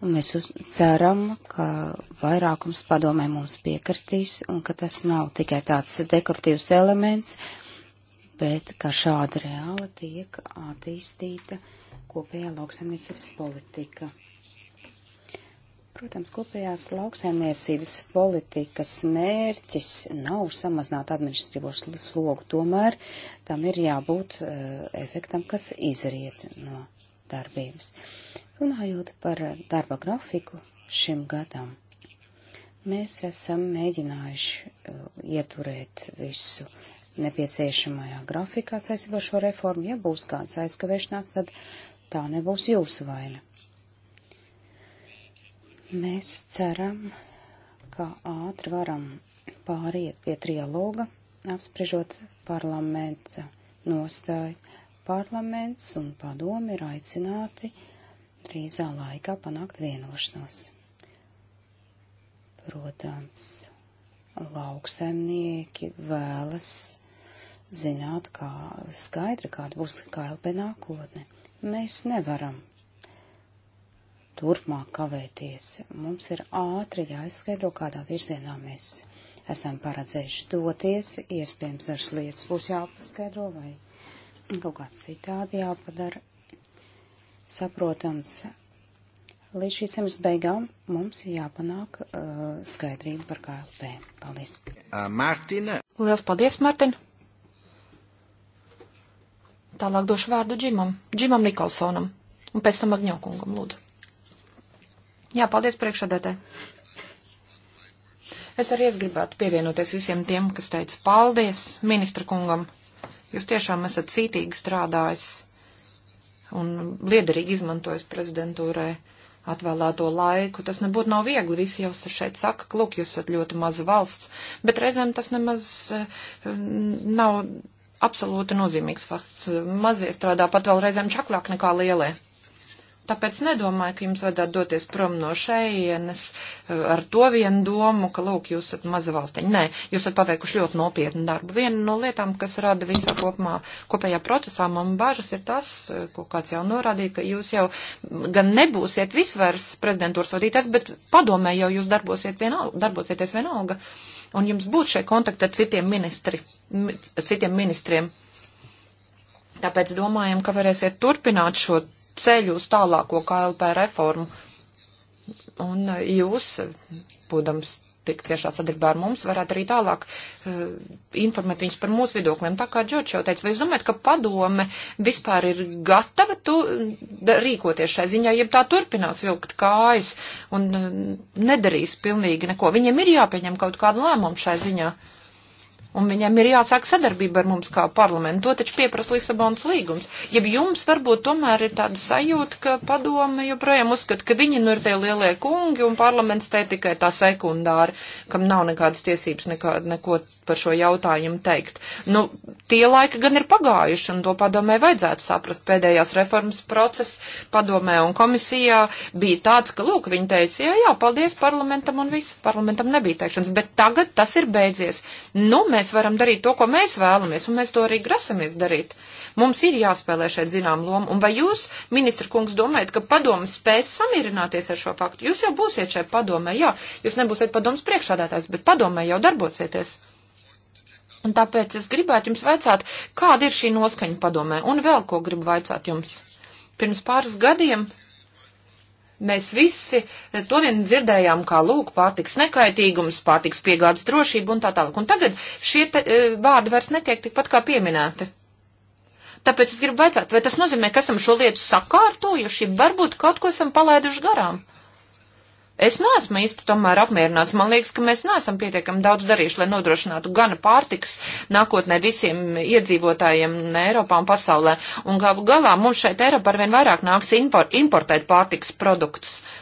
Un mēs ceram, ka vairākums padomē mums piekritīs un ka tas nav tikai tāds dekoratīvs elements, bet ka šāda reāla tiek attīstīta kopējā lauksaimniecības politika. Protams, kopējās lauksaimniecības politikas mērķis nav samazināt administratīvo slogu, tomēr tam ir jābūt uh, efektam, kas izriet no darbības. Runājot par darba grafiku šim gadam, mēs esam mēģinājuši uh, ieturēt visu nepieciešamajā grafikā saistībā ar šo reformu. Ja būs kāds aizkavēšanās, tad tā nebūs jūsu vaina. Mēs ceram, ka ātri varam pāriet pie trialoga, apspriežot parlamenta nostāju. Parlaments un padomi ir aicināti drīzā laikā panākt vienošanos. Protams, lauksaimnieki vēlas zināt, kā skaidri, kāda būs KLP nākotne. Mēs nevaram turpmāk kavēties. Mums ir ātri jāizskaidro, kādā virzienā mēs esam paredzējuši doties. Iespējams, dažas lietas būs jāpaskaidro vai kaut kāds citādi jāpadara saprotams. Līdz šīs semestras beigām mums jāpanāk uh, skaidrība par KLP. Paldies. Uh, Mārtiņa. Lielas paldies, Mārtiņ. Tālāk došu vārdu Džimam, Džimam Nikolsonam un pēc tam Agņokungam, lūdzu. Jā, paldies priekšādētē. Es arī es gribētu pievienoties visiem tiem, kas teica paldies ministra kungam. Jūs tiešām esat cītīgi strādājis un liederīgi izmantojas prezidentūrai atvēlēto laiku. Tas nebūtu nav viegli, visi jau šeit saka, lūk, jūs esat ļoti maza valsts, bet reizēm tas nemaz e, nav absolūti nozīmīgs fakts. Mazie strādā pat vēl reizēm čaklāk nekā lielie. Tāpēc nedomāju, ka jums vajadzētu doties prom no šeienes eh, ar to vienu domu, ka, lūk, jūs esat maza valstiņa. Nē, jūs esat paveikuši ļoti nopietnu darbu. Viena no lietām, kas rada visā kopumā, kopējā procesā man bažas, ir tas, eh, ko kāds jau norādīja, ka jūs jau gan nebūsiet visvairs prezidentūras vadītājs, bet padomē jau jūs darbosiet vienalga, darbosieties vienalga. Un jums būtu šie kontakti ar citiem, ministri, citiem ministriem. Tāpēc domājam, ka varēsiet turpināt šo ceļu uz tālāko KLP reformu. Un e, jūs, būdams tik ciešā sadarbībā ar mums, varētu arī tālāk uh, informēt viņus par mūsu viedokļiem. Tā kā Džordžs jau teica, vai jūs domājat, ka padome vispār ir gatava tu, da, rīkoties šai ziņā, ja tā turpinās vilkt kājas un uh, nedarīs pilnīgi neko? Viņiem ir jāpieņem kaut kādu lēmumu šai ziņā. Uh, Un viņam ir jāsāk sadarbība ar mums kā parlamentu. To taču pieprasa Lisabonas līgums. Ja jums varbūt tomēr ir tāda sajūta, ka padome joprojām uzskata, ka viņi nu ir tie lielie kungi un parlaments te tikai tā sekundāri, kam nav nekādas tiesības nekā, neko par šo jautājumu teikt. Nu, tie laiki gan ir pagājuši un to padomē vajadzētu saprast. Pēdējās reformas process padomē un komisijā bija tāds, ka, lūk, viņi teica, jā, jā, paldies parlamentam un viss, parlamentam nebija teikšanas, bet tagad tas ir beidzies. Nu, mēs mēs varam darīt to, ko mēs vēlamies, un mēs to arī grasamies darīt. Mums ir jāspēlē šeit zinām loma, un vai jūs, ministra kungs, domājat, ka padomu spēs samierināties ar šo faktu? Jūs jau būsiet šai padomē, jā, jūs nebūsiet padomas priekšādātājs, bet padomē jau darbosieties. Un tāpēc es gribētu jums vaicāt, kāda ir šī noskaņa padomē, un vēl ko gribu vaicāt jums. Pirms pāris gadiem Mēs visi to vien dzirdējām, kā lūk, pārtiks nekaitīgums, pārtiks piegādes drošība un tā tālāk. Un tagad šie te, e, vārdi vairs netiek tikpat kā pieminēti. Tāpēc es gribu vaicāt, vai tas nozīmē, ka esam šo lietu sakārtojuši, varbūt kaut ko esam palaiduši garām. Es neesmu īsti tomēr apmierināts. Man liekas, ka mēs neesam pietiekami daudz darījuši, lai nodrošinātu gana pārtiks nākotnē visiem iedzīvotājiem Eiropā un pasaulē. Un galu galā mums šeit Eiropā arvien vairāk nāks impor importēt pārtiks produktus. Uh,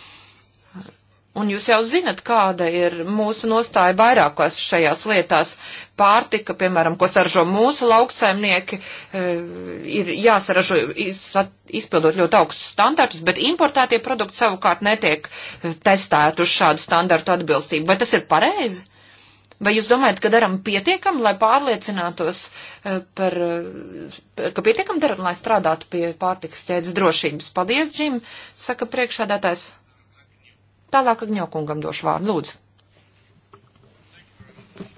Un jūs jau zinat, kāda ir mūsu nostāja vairākās šajās lietās. Pārtika, piemēram, ko saražo mūsu lauksaimnieki, e, ir jāsaražo izpildot ļoti augstus standartus, bet importētie produkti savukārt netiek e, testēti uz šādu standartu atbilstību. Vai tas ir pareizi? Vai jūs domājat, ka daram pietiekam, lai pārliecinātos e, par, ka pietiekam daram, lai strādātu pie pārtikas ķēdes drošības? Paldies, Džim, saka priekšādātājs. Tālāk Agņokungam došu vārdu, lūdzu.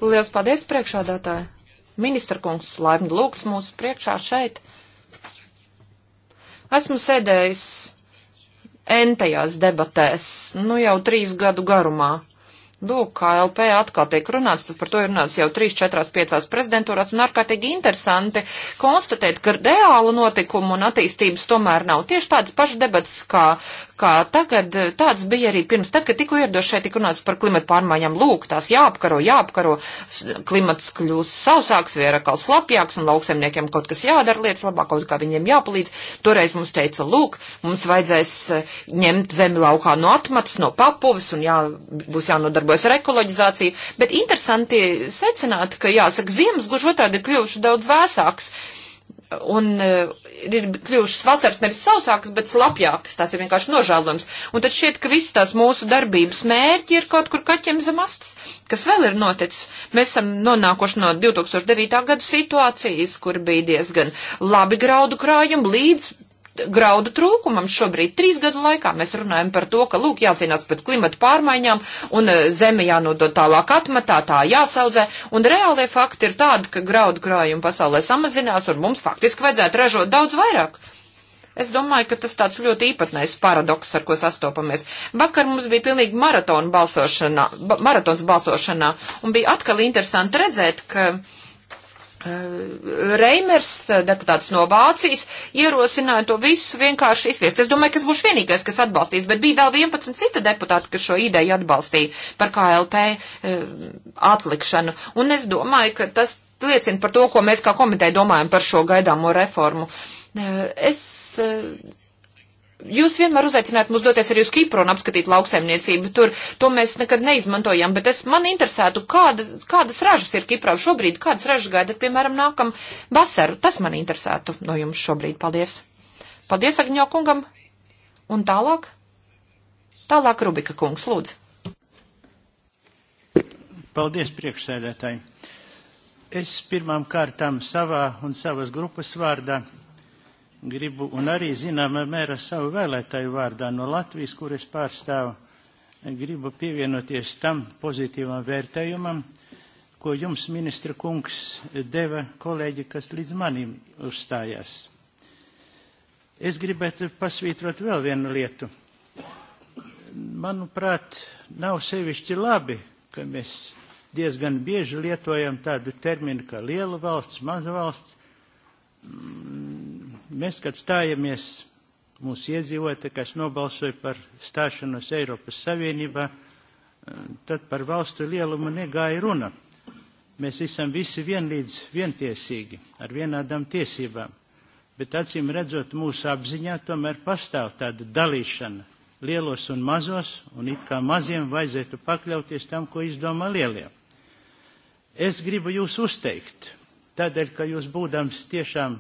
Lielas paldies priekšādātāji. Ministra kungs laimni lūgts mūsu priekšā šeit. Esmu sēdējis entajās debatēs, nu jau trīs gadu garumā. Lūk, kā LP atkal tiek runāts, tad par to ir runāts jau 3, 4, 5 prezidentūrās, un ārkārtīgi interesanti konstatēt, ka reālu notikumu un attīstības tomēr nav. Tieši tādas pašas debats, kā, kā tagad, tāds bija arī pirms, tad, kad tikko ierados šeit, tik runāts par klimatu pārmaiņām, lūk, tās jāapkaro, jāapkaro, klimats kļūs sausāks, vierakal slapjāks, un lauksemniekiem kaut kas jādara lietas labāk, kaut kā viņiem jāpalīdz. Toreiz mums teica, lūk, mums vajadzēs e, ņemt zemi laukā no atmatas, no papuvis, un jā, būs jānodarbojas ar ekoloģizāciju, bet interesanti secināt, ka, jāsaka, ziemas gluži otrādi ir kļuvuši daudz vēsāks. Un uh, ir kļuvušas vasaras nevis sausākas, bet slapjākas. Tas ir vienkārši nožēlojams. Un tad šķiet, ka visas tās mūsu darbības mērķi ir kaut kur kaķiem zem astes. Kas vēl ir noticis? Mēs esam nonākuši no 2009. gada situācijas, kur bija diezgan labi graudu krājumi līdz graudu trūkumam šobrīd. Trīs gadu laikā mēs runājam par to, ka, lūk, jācīnās pret klimatu pārmaiņām un e, zeme jānodod tālāk atmatā, tā jāsaudzē, un reālie fakti ir tādi, ka graudu krājumi pasaulē samazinās, un mums faktiski vajadzētu ražot daudz vairāk. Es domāju, ka tas tāds ļoti īpatnējs paradoks, ar ko sastopamies. Vakar mums bija pilnīgi maratona balsošanā, ba maratons balsošanā, un bija atkal interesanti redzēt, ka uh, Reimers, deputāts no Vācijas, ierosināja to visu vienkārši izviest. Es domāju, ka es būšu vienīgais, kas atbalstīs, bet bija vēl 11 cita deputāti, kas šo ideju atbalstīja par KLP eh, atlikšanu. Un es domāju, ka tas liecina par to, ko mēs kā komiteja domājam par šo gaidāmo reformu. Eh, es eh, Jūs vienmēr uzaicināt mūs doties arī uz Kipru un apskatīt lauksaimniecību. Tur to mēs nekad neizmantojam, bet es man interesētu, kādas, kādas ražas ir Kiprā šobrīd, kādas ražas gaidat, piemēram, nākam vasaru. Tas man interesētu no jums šobrīd. Paldies. Paldies Agņo kungam. Un tālāk? Tālāk Rubika kungs, lūdzu. Paldies, priekšsēdētāji. Es pirmām kārtām savā un savas grupas vārdā gribu un arī zināmā mērā savu vēlētāju vārdā no Latvijas, kur es pārstāvu, gribu pievienoties tam pozitīvam vērtējumam, ko jums, ministra kungs, deva kolēģi, kas līdz manim uzstājās. Es gribētu pasvītrot vēl vienu lietu. Manuprāt, nav sevišķi labi, ka mēs diezgan bieži lietojam tādu terminu kā liela valsts, maza valsts mēs, kad stājamies mūsu iedzīvotāji, kas nobalsoja par stāšanos Eiropas Savienībā, eh, tad par valstu lielumu negāja runa. Mēs esam visi vienlīdz vientiesīgi, ar vienādām tiesībām, bet acīm redzot mūsu apziņā tomēr pastāv tāda dalīšana lielos un mazos, un it kā maziem vajadzētu pakļauties tam, ko izdomā lielie. Es gribu jūs uzteikt, tādēļ, ka jūs būdams tiešām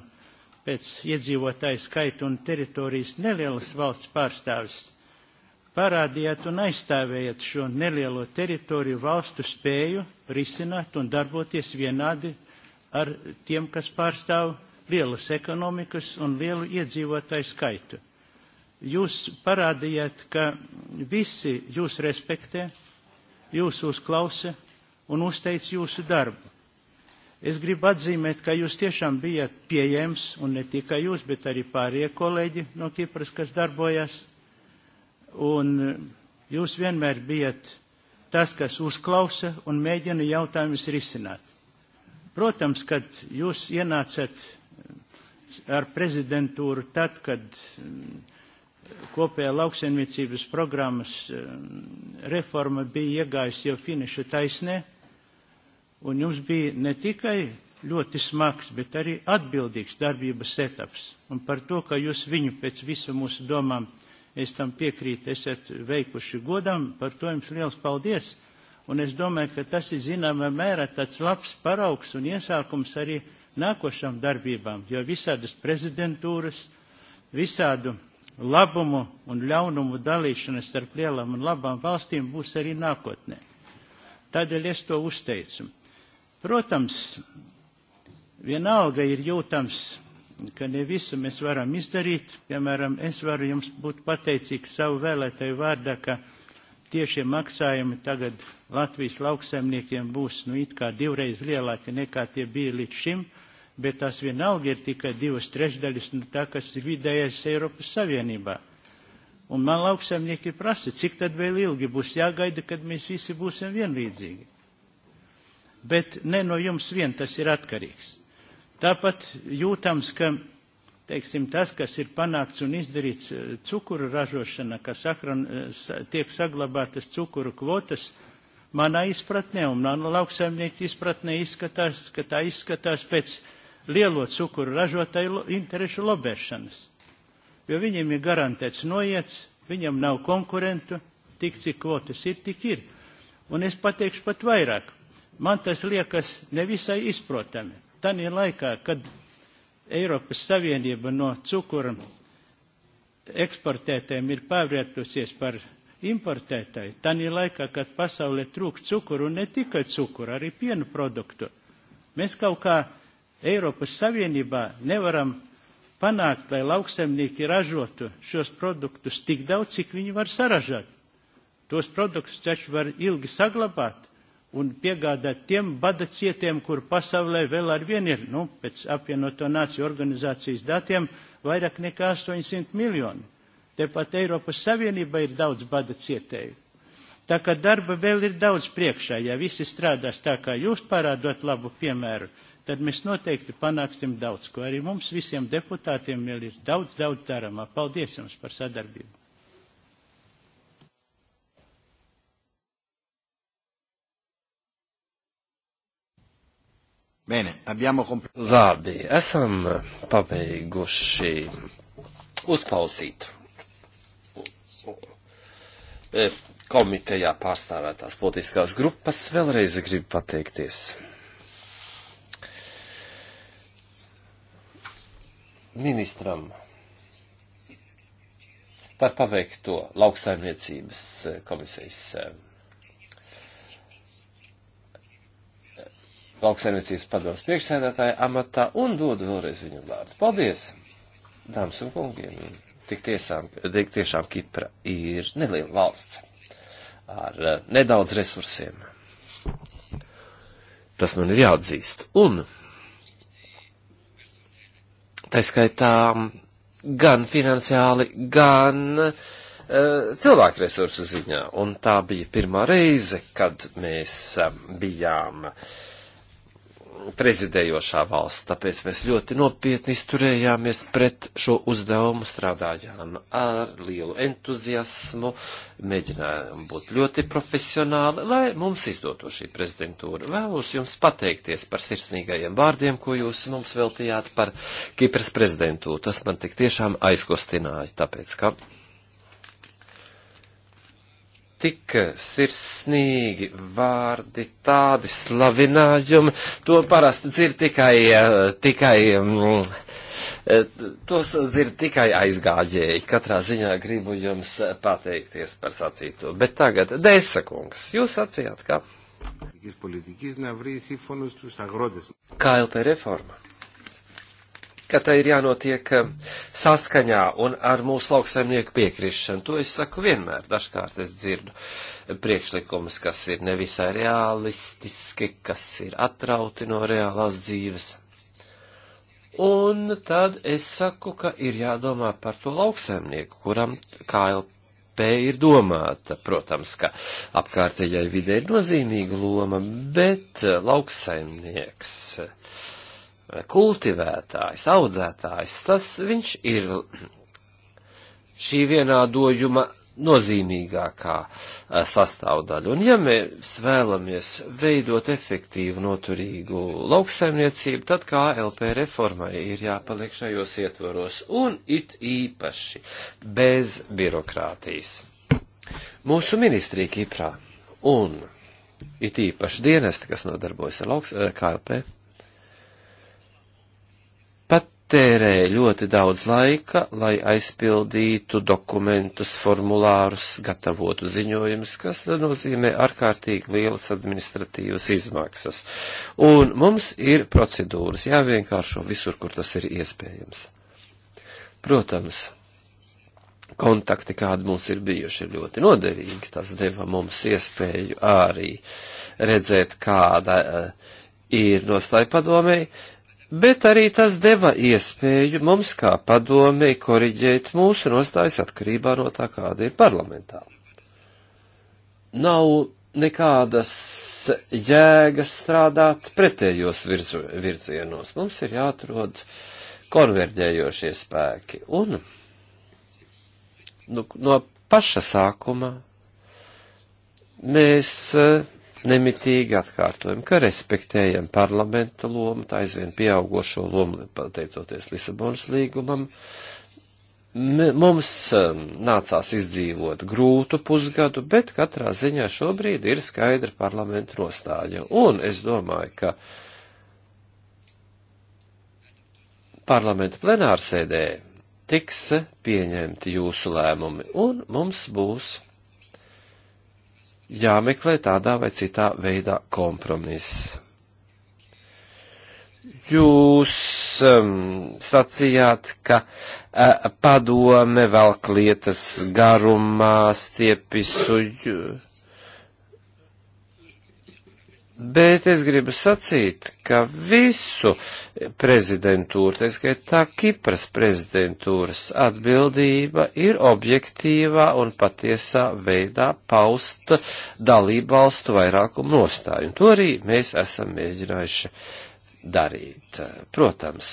pēc iedzīvotāju skaita un teritorijas nelielas valsts pārstāvis. Parādījāt un aizstāvējāt šo nelielo teritoriju valstu spēju risināt un darboties vienādi ar tiem, kas pārstāv lielas ekonomikas un lielu iedzīvotāju skaitu. Jūs parādījāt, ka visi jūs respektē, jūs uzklausa un uzteic jūsu darbu Es gribu atzīmēt, ka jūs tiešām bijat pieejams, un ne tikai jūs, bet arī pārējie kolēģi no Kipras, kas darbojas. Un eh, jūs vienmēr bijat tas, kas uzklausa un mēģina jautājumus risināt. Protams, kad jūs ienācat eh, ar prezidentūru tad, kad eh, kopējā lauksaimniecības programmas reforma bija iegājusi jau finiša taisnē, un jums bija ne tikai ļoti smags, bet arī atbildīgs darbības etaps. Un par to, ka jūs viņu pēc visu mūsu domām, es tam piekrītu, esat veikuši godam, par to jums liels paldies. Un es domāju, ka tas ir zināmā mērā tāds labs paraugs un iesākums arī nākošām darbībām, jo visādas prezidentūras, visādu labumu un ļaunumu dalīšanas starp lielām un labām valstīm būs arī nākotnē. Tādēļ es to uzteicu. Protams, vienalga ir jūtams, ka ne visu mēs varam izdarīt. Piemēram, es varu jums būt pateicīgs savu vēlētāju vārdā, ka tiešie maksājumi tagad Latvijas lauksaimniekiem būs nu it kā divreiz lielāki nekā tie bija līdz šim, bet tās vienalga ir tikai divas trešdaļas no nu, tā, kas ir vidējais Eiropas Savienībā. Un man lauksaimnieki prasa, cik tad vēl ilgi būs jāgaida, kad mēs visi būsim vienlīdzīgi bet ne no jums vien tas ir atkarīgs. Tāpat jūtams, ka teiksim, tas, kas ir panākts un izdarīts eh, cukuru ražošana, ka sahran, eh, tiek saglabātas cukuru kvotas, manā izpratnē un manā lauksaimnieku izpratnē izskatās, ka tā izskatās pēc lielo cukuru ražotāju interešu lobēšanas. Jo viņiem ir garantēts noiets, viņam nav konkurentu, tik cik kvotas ir, tik ir. Un es pateikšu pat vairāk Man tas liekas nevisai izprotami. Tanī laikā, kad Eiropas Savienība no cukura eksportētēm ir pārvērtusies par importētāju, tanī laikā, kad pasaulē trūk cukuru, un ne tikai cukuru, arī pienu produktu, mēs kaut kā Eiropas Savienībā nevaram panākt, lai lauksemnieki ražotu šos produktus tik daudz, cik viņi var saražot. Tos produktus taču var ilgi saglabāt, un piegādāt tiem bada cietiem, kur pasaulē vēl ar vienu ir, nu, pēc apvienoto nāciju organizācijas datiem, vairāk nekā 800 miljoni. Tepat Eiropas Savienība ir daudz bada cietēju. Tā kā darba vēl ir daudz priekšā, ja visi strādās tā, kā jūs parādot labu piemēru, tad mēs noteikti panāksim daudz, ko arī mums visiem deputātiem vēl ir daudz, daudz darāmā. Paldies jums par sadarbību. Bene, abbiamo completato. Labi, esam pabeiguši uzklausīt e, komitejā pārstāvētās politiskās grupas. Vēlreiz gribu pateikties ministram par paveikto lauksaimniecības komisijas e, lauksaimniecības padomas priekšsēdētāja amatā un dodu vēlreiz viņam vārdu. Paldies, dāmas un kungiem! Tik tiesām, tik tiešām Kipra ir neliela valsts ar uh, nedaudz resursiem. Tas man ir jāatzīst. Un tā skaitā gan finansiāli, gan uh, cilvēku resursu ziņā. Un tā bija pirmā reize, kad mēs uh, bijām uh, prezidējošā valsts, tāpēc mēs ļoti nopietni izturējāmies pret šo uzdevumu, strādājām ar lielu entuziasmu, mēģinājām būt ļoti profesionāli, lai mums izdotu šī prezidentūra. Vēlos jums pateikties par sirsnīgajiem vārdiem, ko jūs mums veltījāt par Kipras prezidentūru. Tas man tik tiešām aizkostināja, tāpēc ka tik sirsnīgi vārdi, tādi slavinājumi, to parasti dzird tikai, eh, tikai, mm, eh, tos dzird tikai aizgāģēji. Katrā ziņā gribu jums pateikties par sacīto. Bet tagad, Deisakungs, jūs sacījāt, ka. KLP reforma ka tai ir jānotiek eh, saskaņā un ar mūsu lauksaimnieku piekrišanu. To es saku vienmēr. Dažkārt es dzirdu priekšlikumus, kas ir nevisai realistiski, kas ir atrauti no reālās dzīves. Un tad es saku, ka ir jādomā par to lauksaimnieku, kuram KLP spēja ir domāta. Protams, ka apkārtējai vidē ir nozīmīga loma, bet eh, lauksaimnieks kultivētājs, audzētājs, tas viņš ir šī vienādojuma nozīmīgākā e, sastāvdaļa. Un ja mēs vēlamies veidot efektīvu, noturīgu lauksaimniecību, tad kā LP reformai ir jāpaliek šajos ietvaros un it īpaši bez birokrātijas. Mūsu ministrija Kiprā un it īpaši dienesti, kas nodarbojas ar lauks, e, KLP, tērē ļoti daudz laika, lai aizpildītu dokumentus, formulārus, gatavotu ziņojumus, kas nozīmē ārkārtīgi lielas administratīvas izmaksas. Un mums ir procedūras jāvienkāršo visur, kur tas ir iespējams. Protams, kontakti, kādi mums ir bijuši, ir ļoti noderīgi. Tas deva mums iespēju arī redzēt, kāda eh, ir nostāja padomēji, bet arī tas deva iespēju mums kā padomei koriģēt mūsu nostājas atkarībā no tā, kāda ir parlamentā. Nav nekādas jēgas strādāt pretējos virzu, virzienos. Mums ir jāatrod konverģējošie spēki. Un nu, no paša sākuma mēs uh, nemitīgi atkārtojam, ka respektējam parlamenta lomu, tā aizvien pieaugošo lomu, pateicoties Lisabonas līgumam. Mums um, nācās izdzīvot grūtu pusgadu, bet katrā ziņā šobrīd ir skaidra parlamenta nostāja. Un es domāju, ka parlamenta plenārsēdē tiks pieņemti jūsu lēmumi, un mums būs jāmeklē tādā vai citā veidā kompromiss. Jūs um, sacījāt, ka uh, padome vēl klietas garumā stiepisu. Uh, Bet es gribu sacīt, ka visu prezidentūru, tā skaitā Kipras prezidentūras atbildība ir objektīvā un patiesā veidā paust dalību valstu vairākumu nostāju. Un to arī mēs esam mēģinājuši darīt. Protams,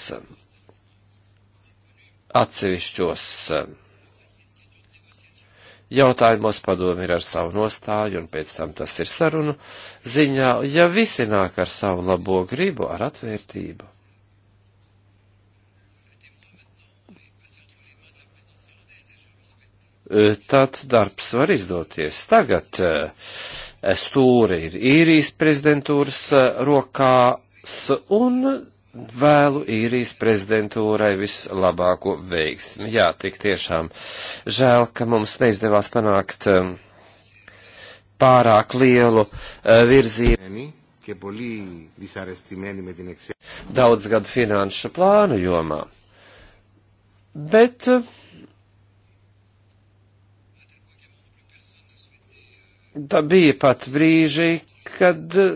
atsevišķos jautājumos padomi ir ar savu nostāju, un pēc tam tas ir sarunu ziņā, ja visi nāk ar savu labo gribu, ar atvērtību. E, tad darbs var izdoties. Tagad e, stūri ir īrijas prezidentūras e, rokās, un vēlu īrijas prezidentūrai vislabāko veiksmi. Jā, tik tiešām žēl, ka mums neizdevās panākt um, pārāk lielu uh, virzību. Daudz gadu finanšu plānu jomā. Bet uh, tā bija pat brīži, kad uh,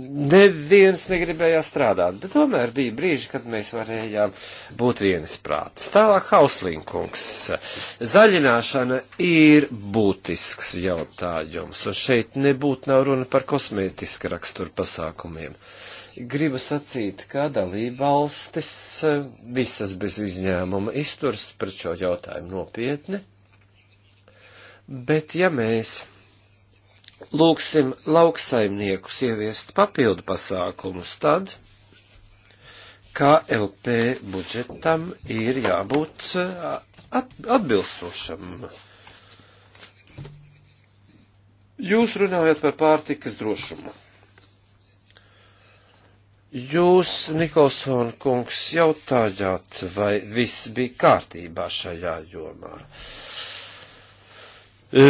neviens negribēja strādāt, bet tomēr bija brīži, kad mēs varējām būt viensprātis. Tālāk hauslinkungs. Zaļināšana ir būtisks jautājums, un šeit nebūtu nav runa par kosmētiska rakstura pasākumiem. Gribu sacīt, ka dalība valstis visas bez izņēmuma izturst pret šo jautājumu nopietni, bet ja mēs lūksim lauksaimniekus ieviest papildu pasākumus tad, kā LP budžetam ir jābūt eh, atbilstošam. Jūs runājat par pārtikas drošumu. Jūs, Nikolson kungs, jautājāt, vai viss bija kārtībā šajā jomā. E,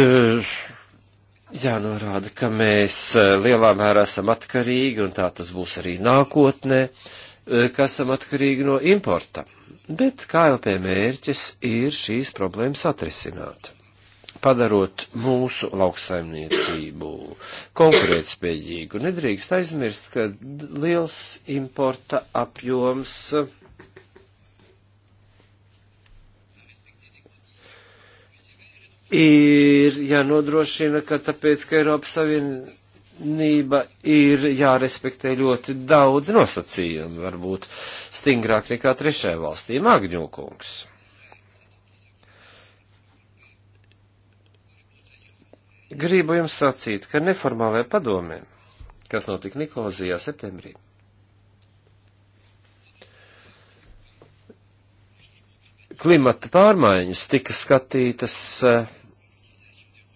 jānorāda, ka mēs eh, lielā mērā esam atkarīgi, un tā tas būs arī nākotnē, eh, ka esam atkarīgi no importa. Bet KLP mērķis ir šīs problēmas atrisināt, padarot mūsu lauksaimniecību konkurētspējīgu. Nedrīkst aizmirst, ka liels importa apjoms ir jānodrošina, ka tāpēc, ka Eiropas Savienība ir jārespektē ļoti daudz nosacījumu, varbūt stingrāk nekā trešajā valstī, Magņokungs. Gribu jums sacīt, ka neformālajā padomē, kas notika Nikozijā septembrī, klimata pārmaiņas tika skatītas uh,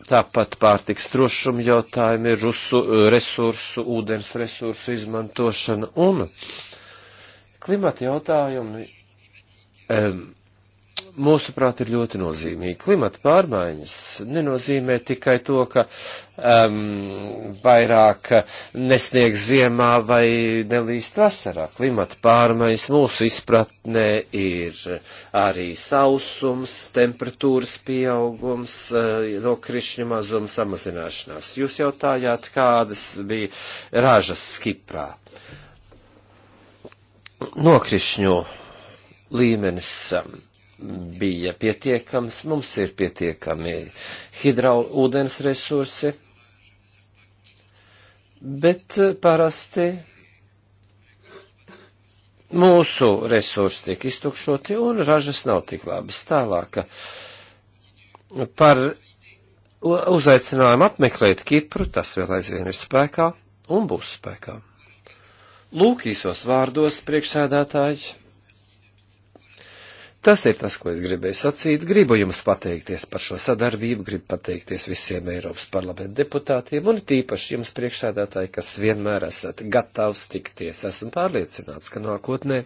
tāpat pārtiks drošuma jautājumi, rusu, resursu, ūdens resursu izmantošana un klimata jautājumi um, mūsuprāt, ir ļoti nozīmīgi. Klimata pārmaiņas nenozīmē tikai to, ka um, vairāk nesniegs ziemā vai nelīst vasarā. Klimata pārmaiņas mūsu izpratnē ir arī sausums, temperatūras pieaugums, eh, nokrišņu mazums samazināšanās. Jūs jautājāt, kādas bija ražas Kiprā? Nokrišņu līmenis um, bija pietiekams, mums ir pietiekami hidrauli ūdens resursi, bet eh, parasti mūsu resursi tiek iztukšoti un ražas nav tik labas. Tālāk eh, par uzaicinājumu apmeklēt Kipru, tas vēl aizvien ir spēkā un būs spēkā. Lūk īsos vārdos priekšsēdētāji Tas ir tas, ko es gribēju sacīt. Gribu jums pateikties par šo sadarbību, gribu pateikties visiem Eiropas parlamenta deputātiem un tīpaši jums priekšsēdētāji, kas vienmēr esat gatavs tikties. Esmu pārliecināts, ka nākotnē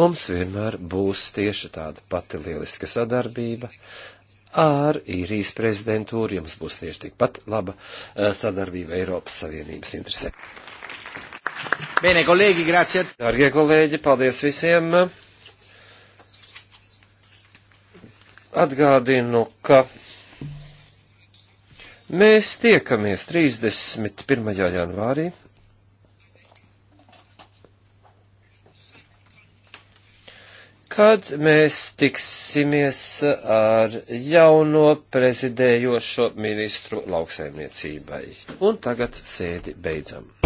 mums vienmēr būs tieši tāda pati lieliska sadarbība. Ar īrijas prezidentūru jums būs tieši tikpat laba eh, sadarbība Eiropas Savienības interesē. Bene, kolēģi, grazie. Dargie kolēģi, paldies visiem. Atgādinu, ka mēs tiekamies 31. janvārī. Kad mēs tiksimies ar jauno prezidējošo ministru lauksaimniecībai. Un tagad sēdi beidzam.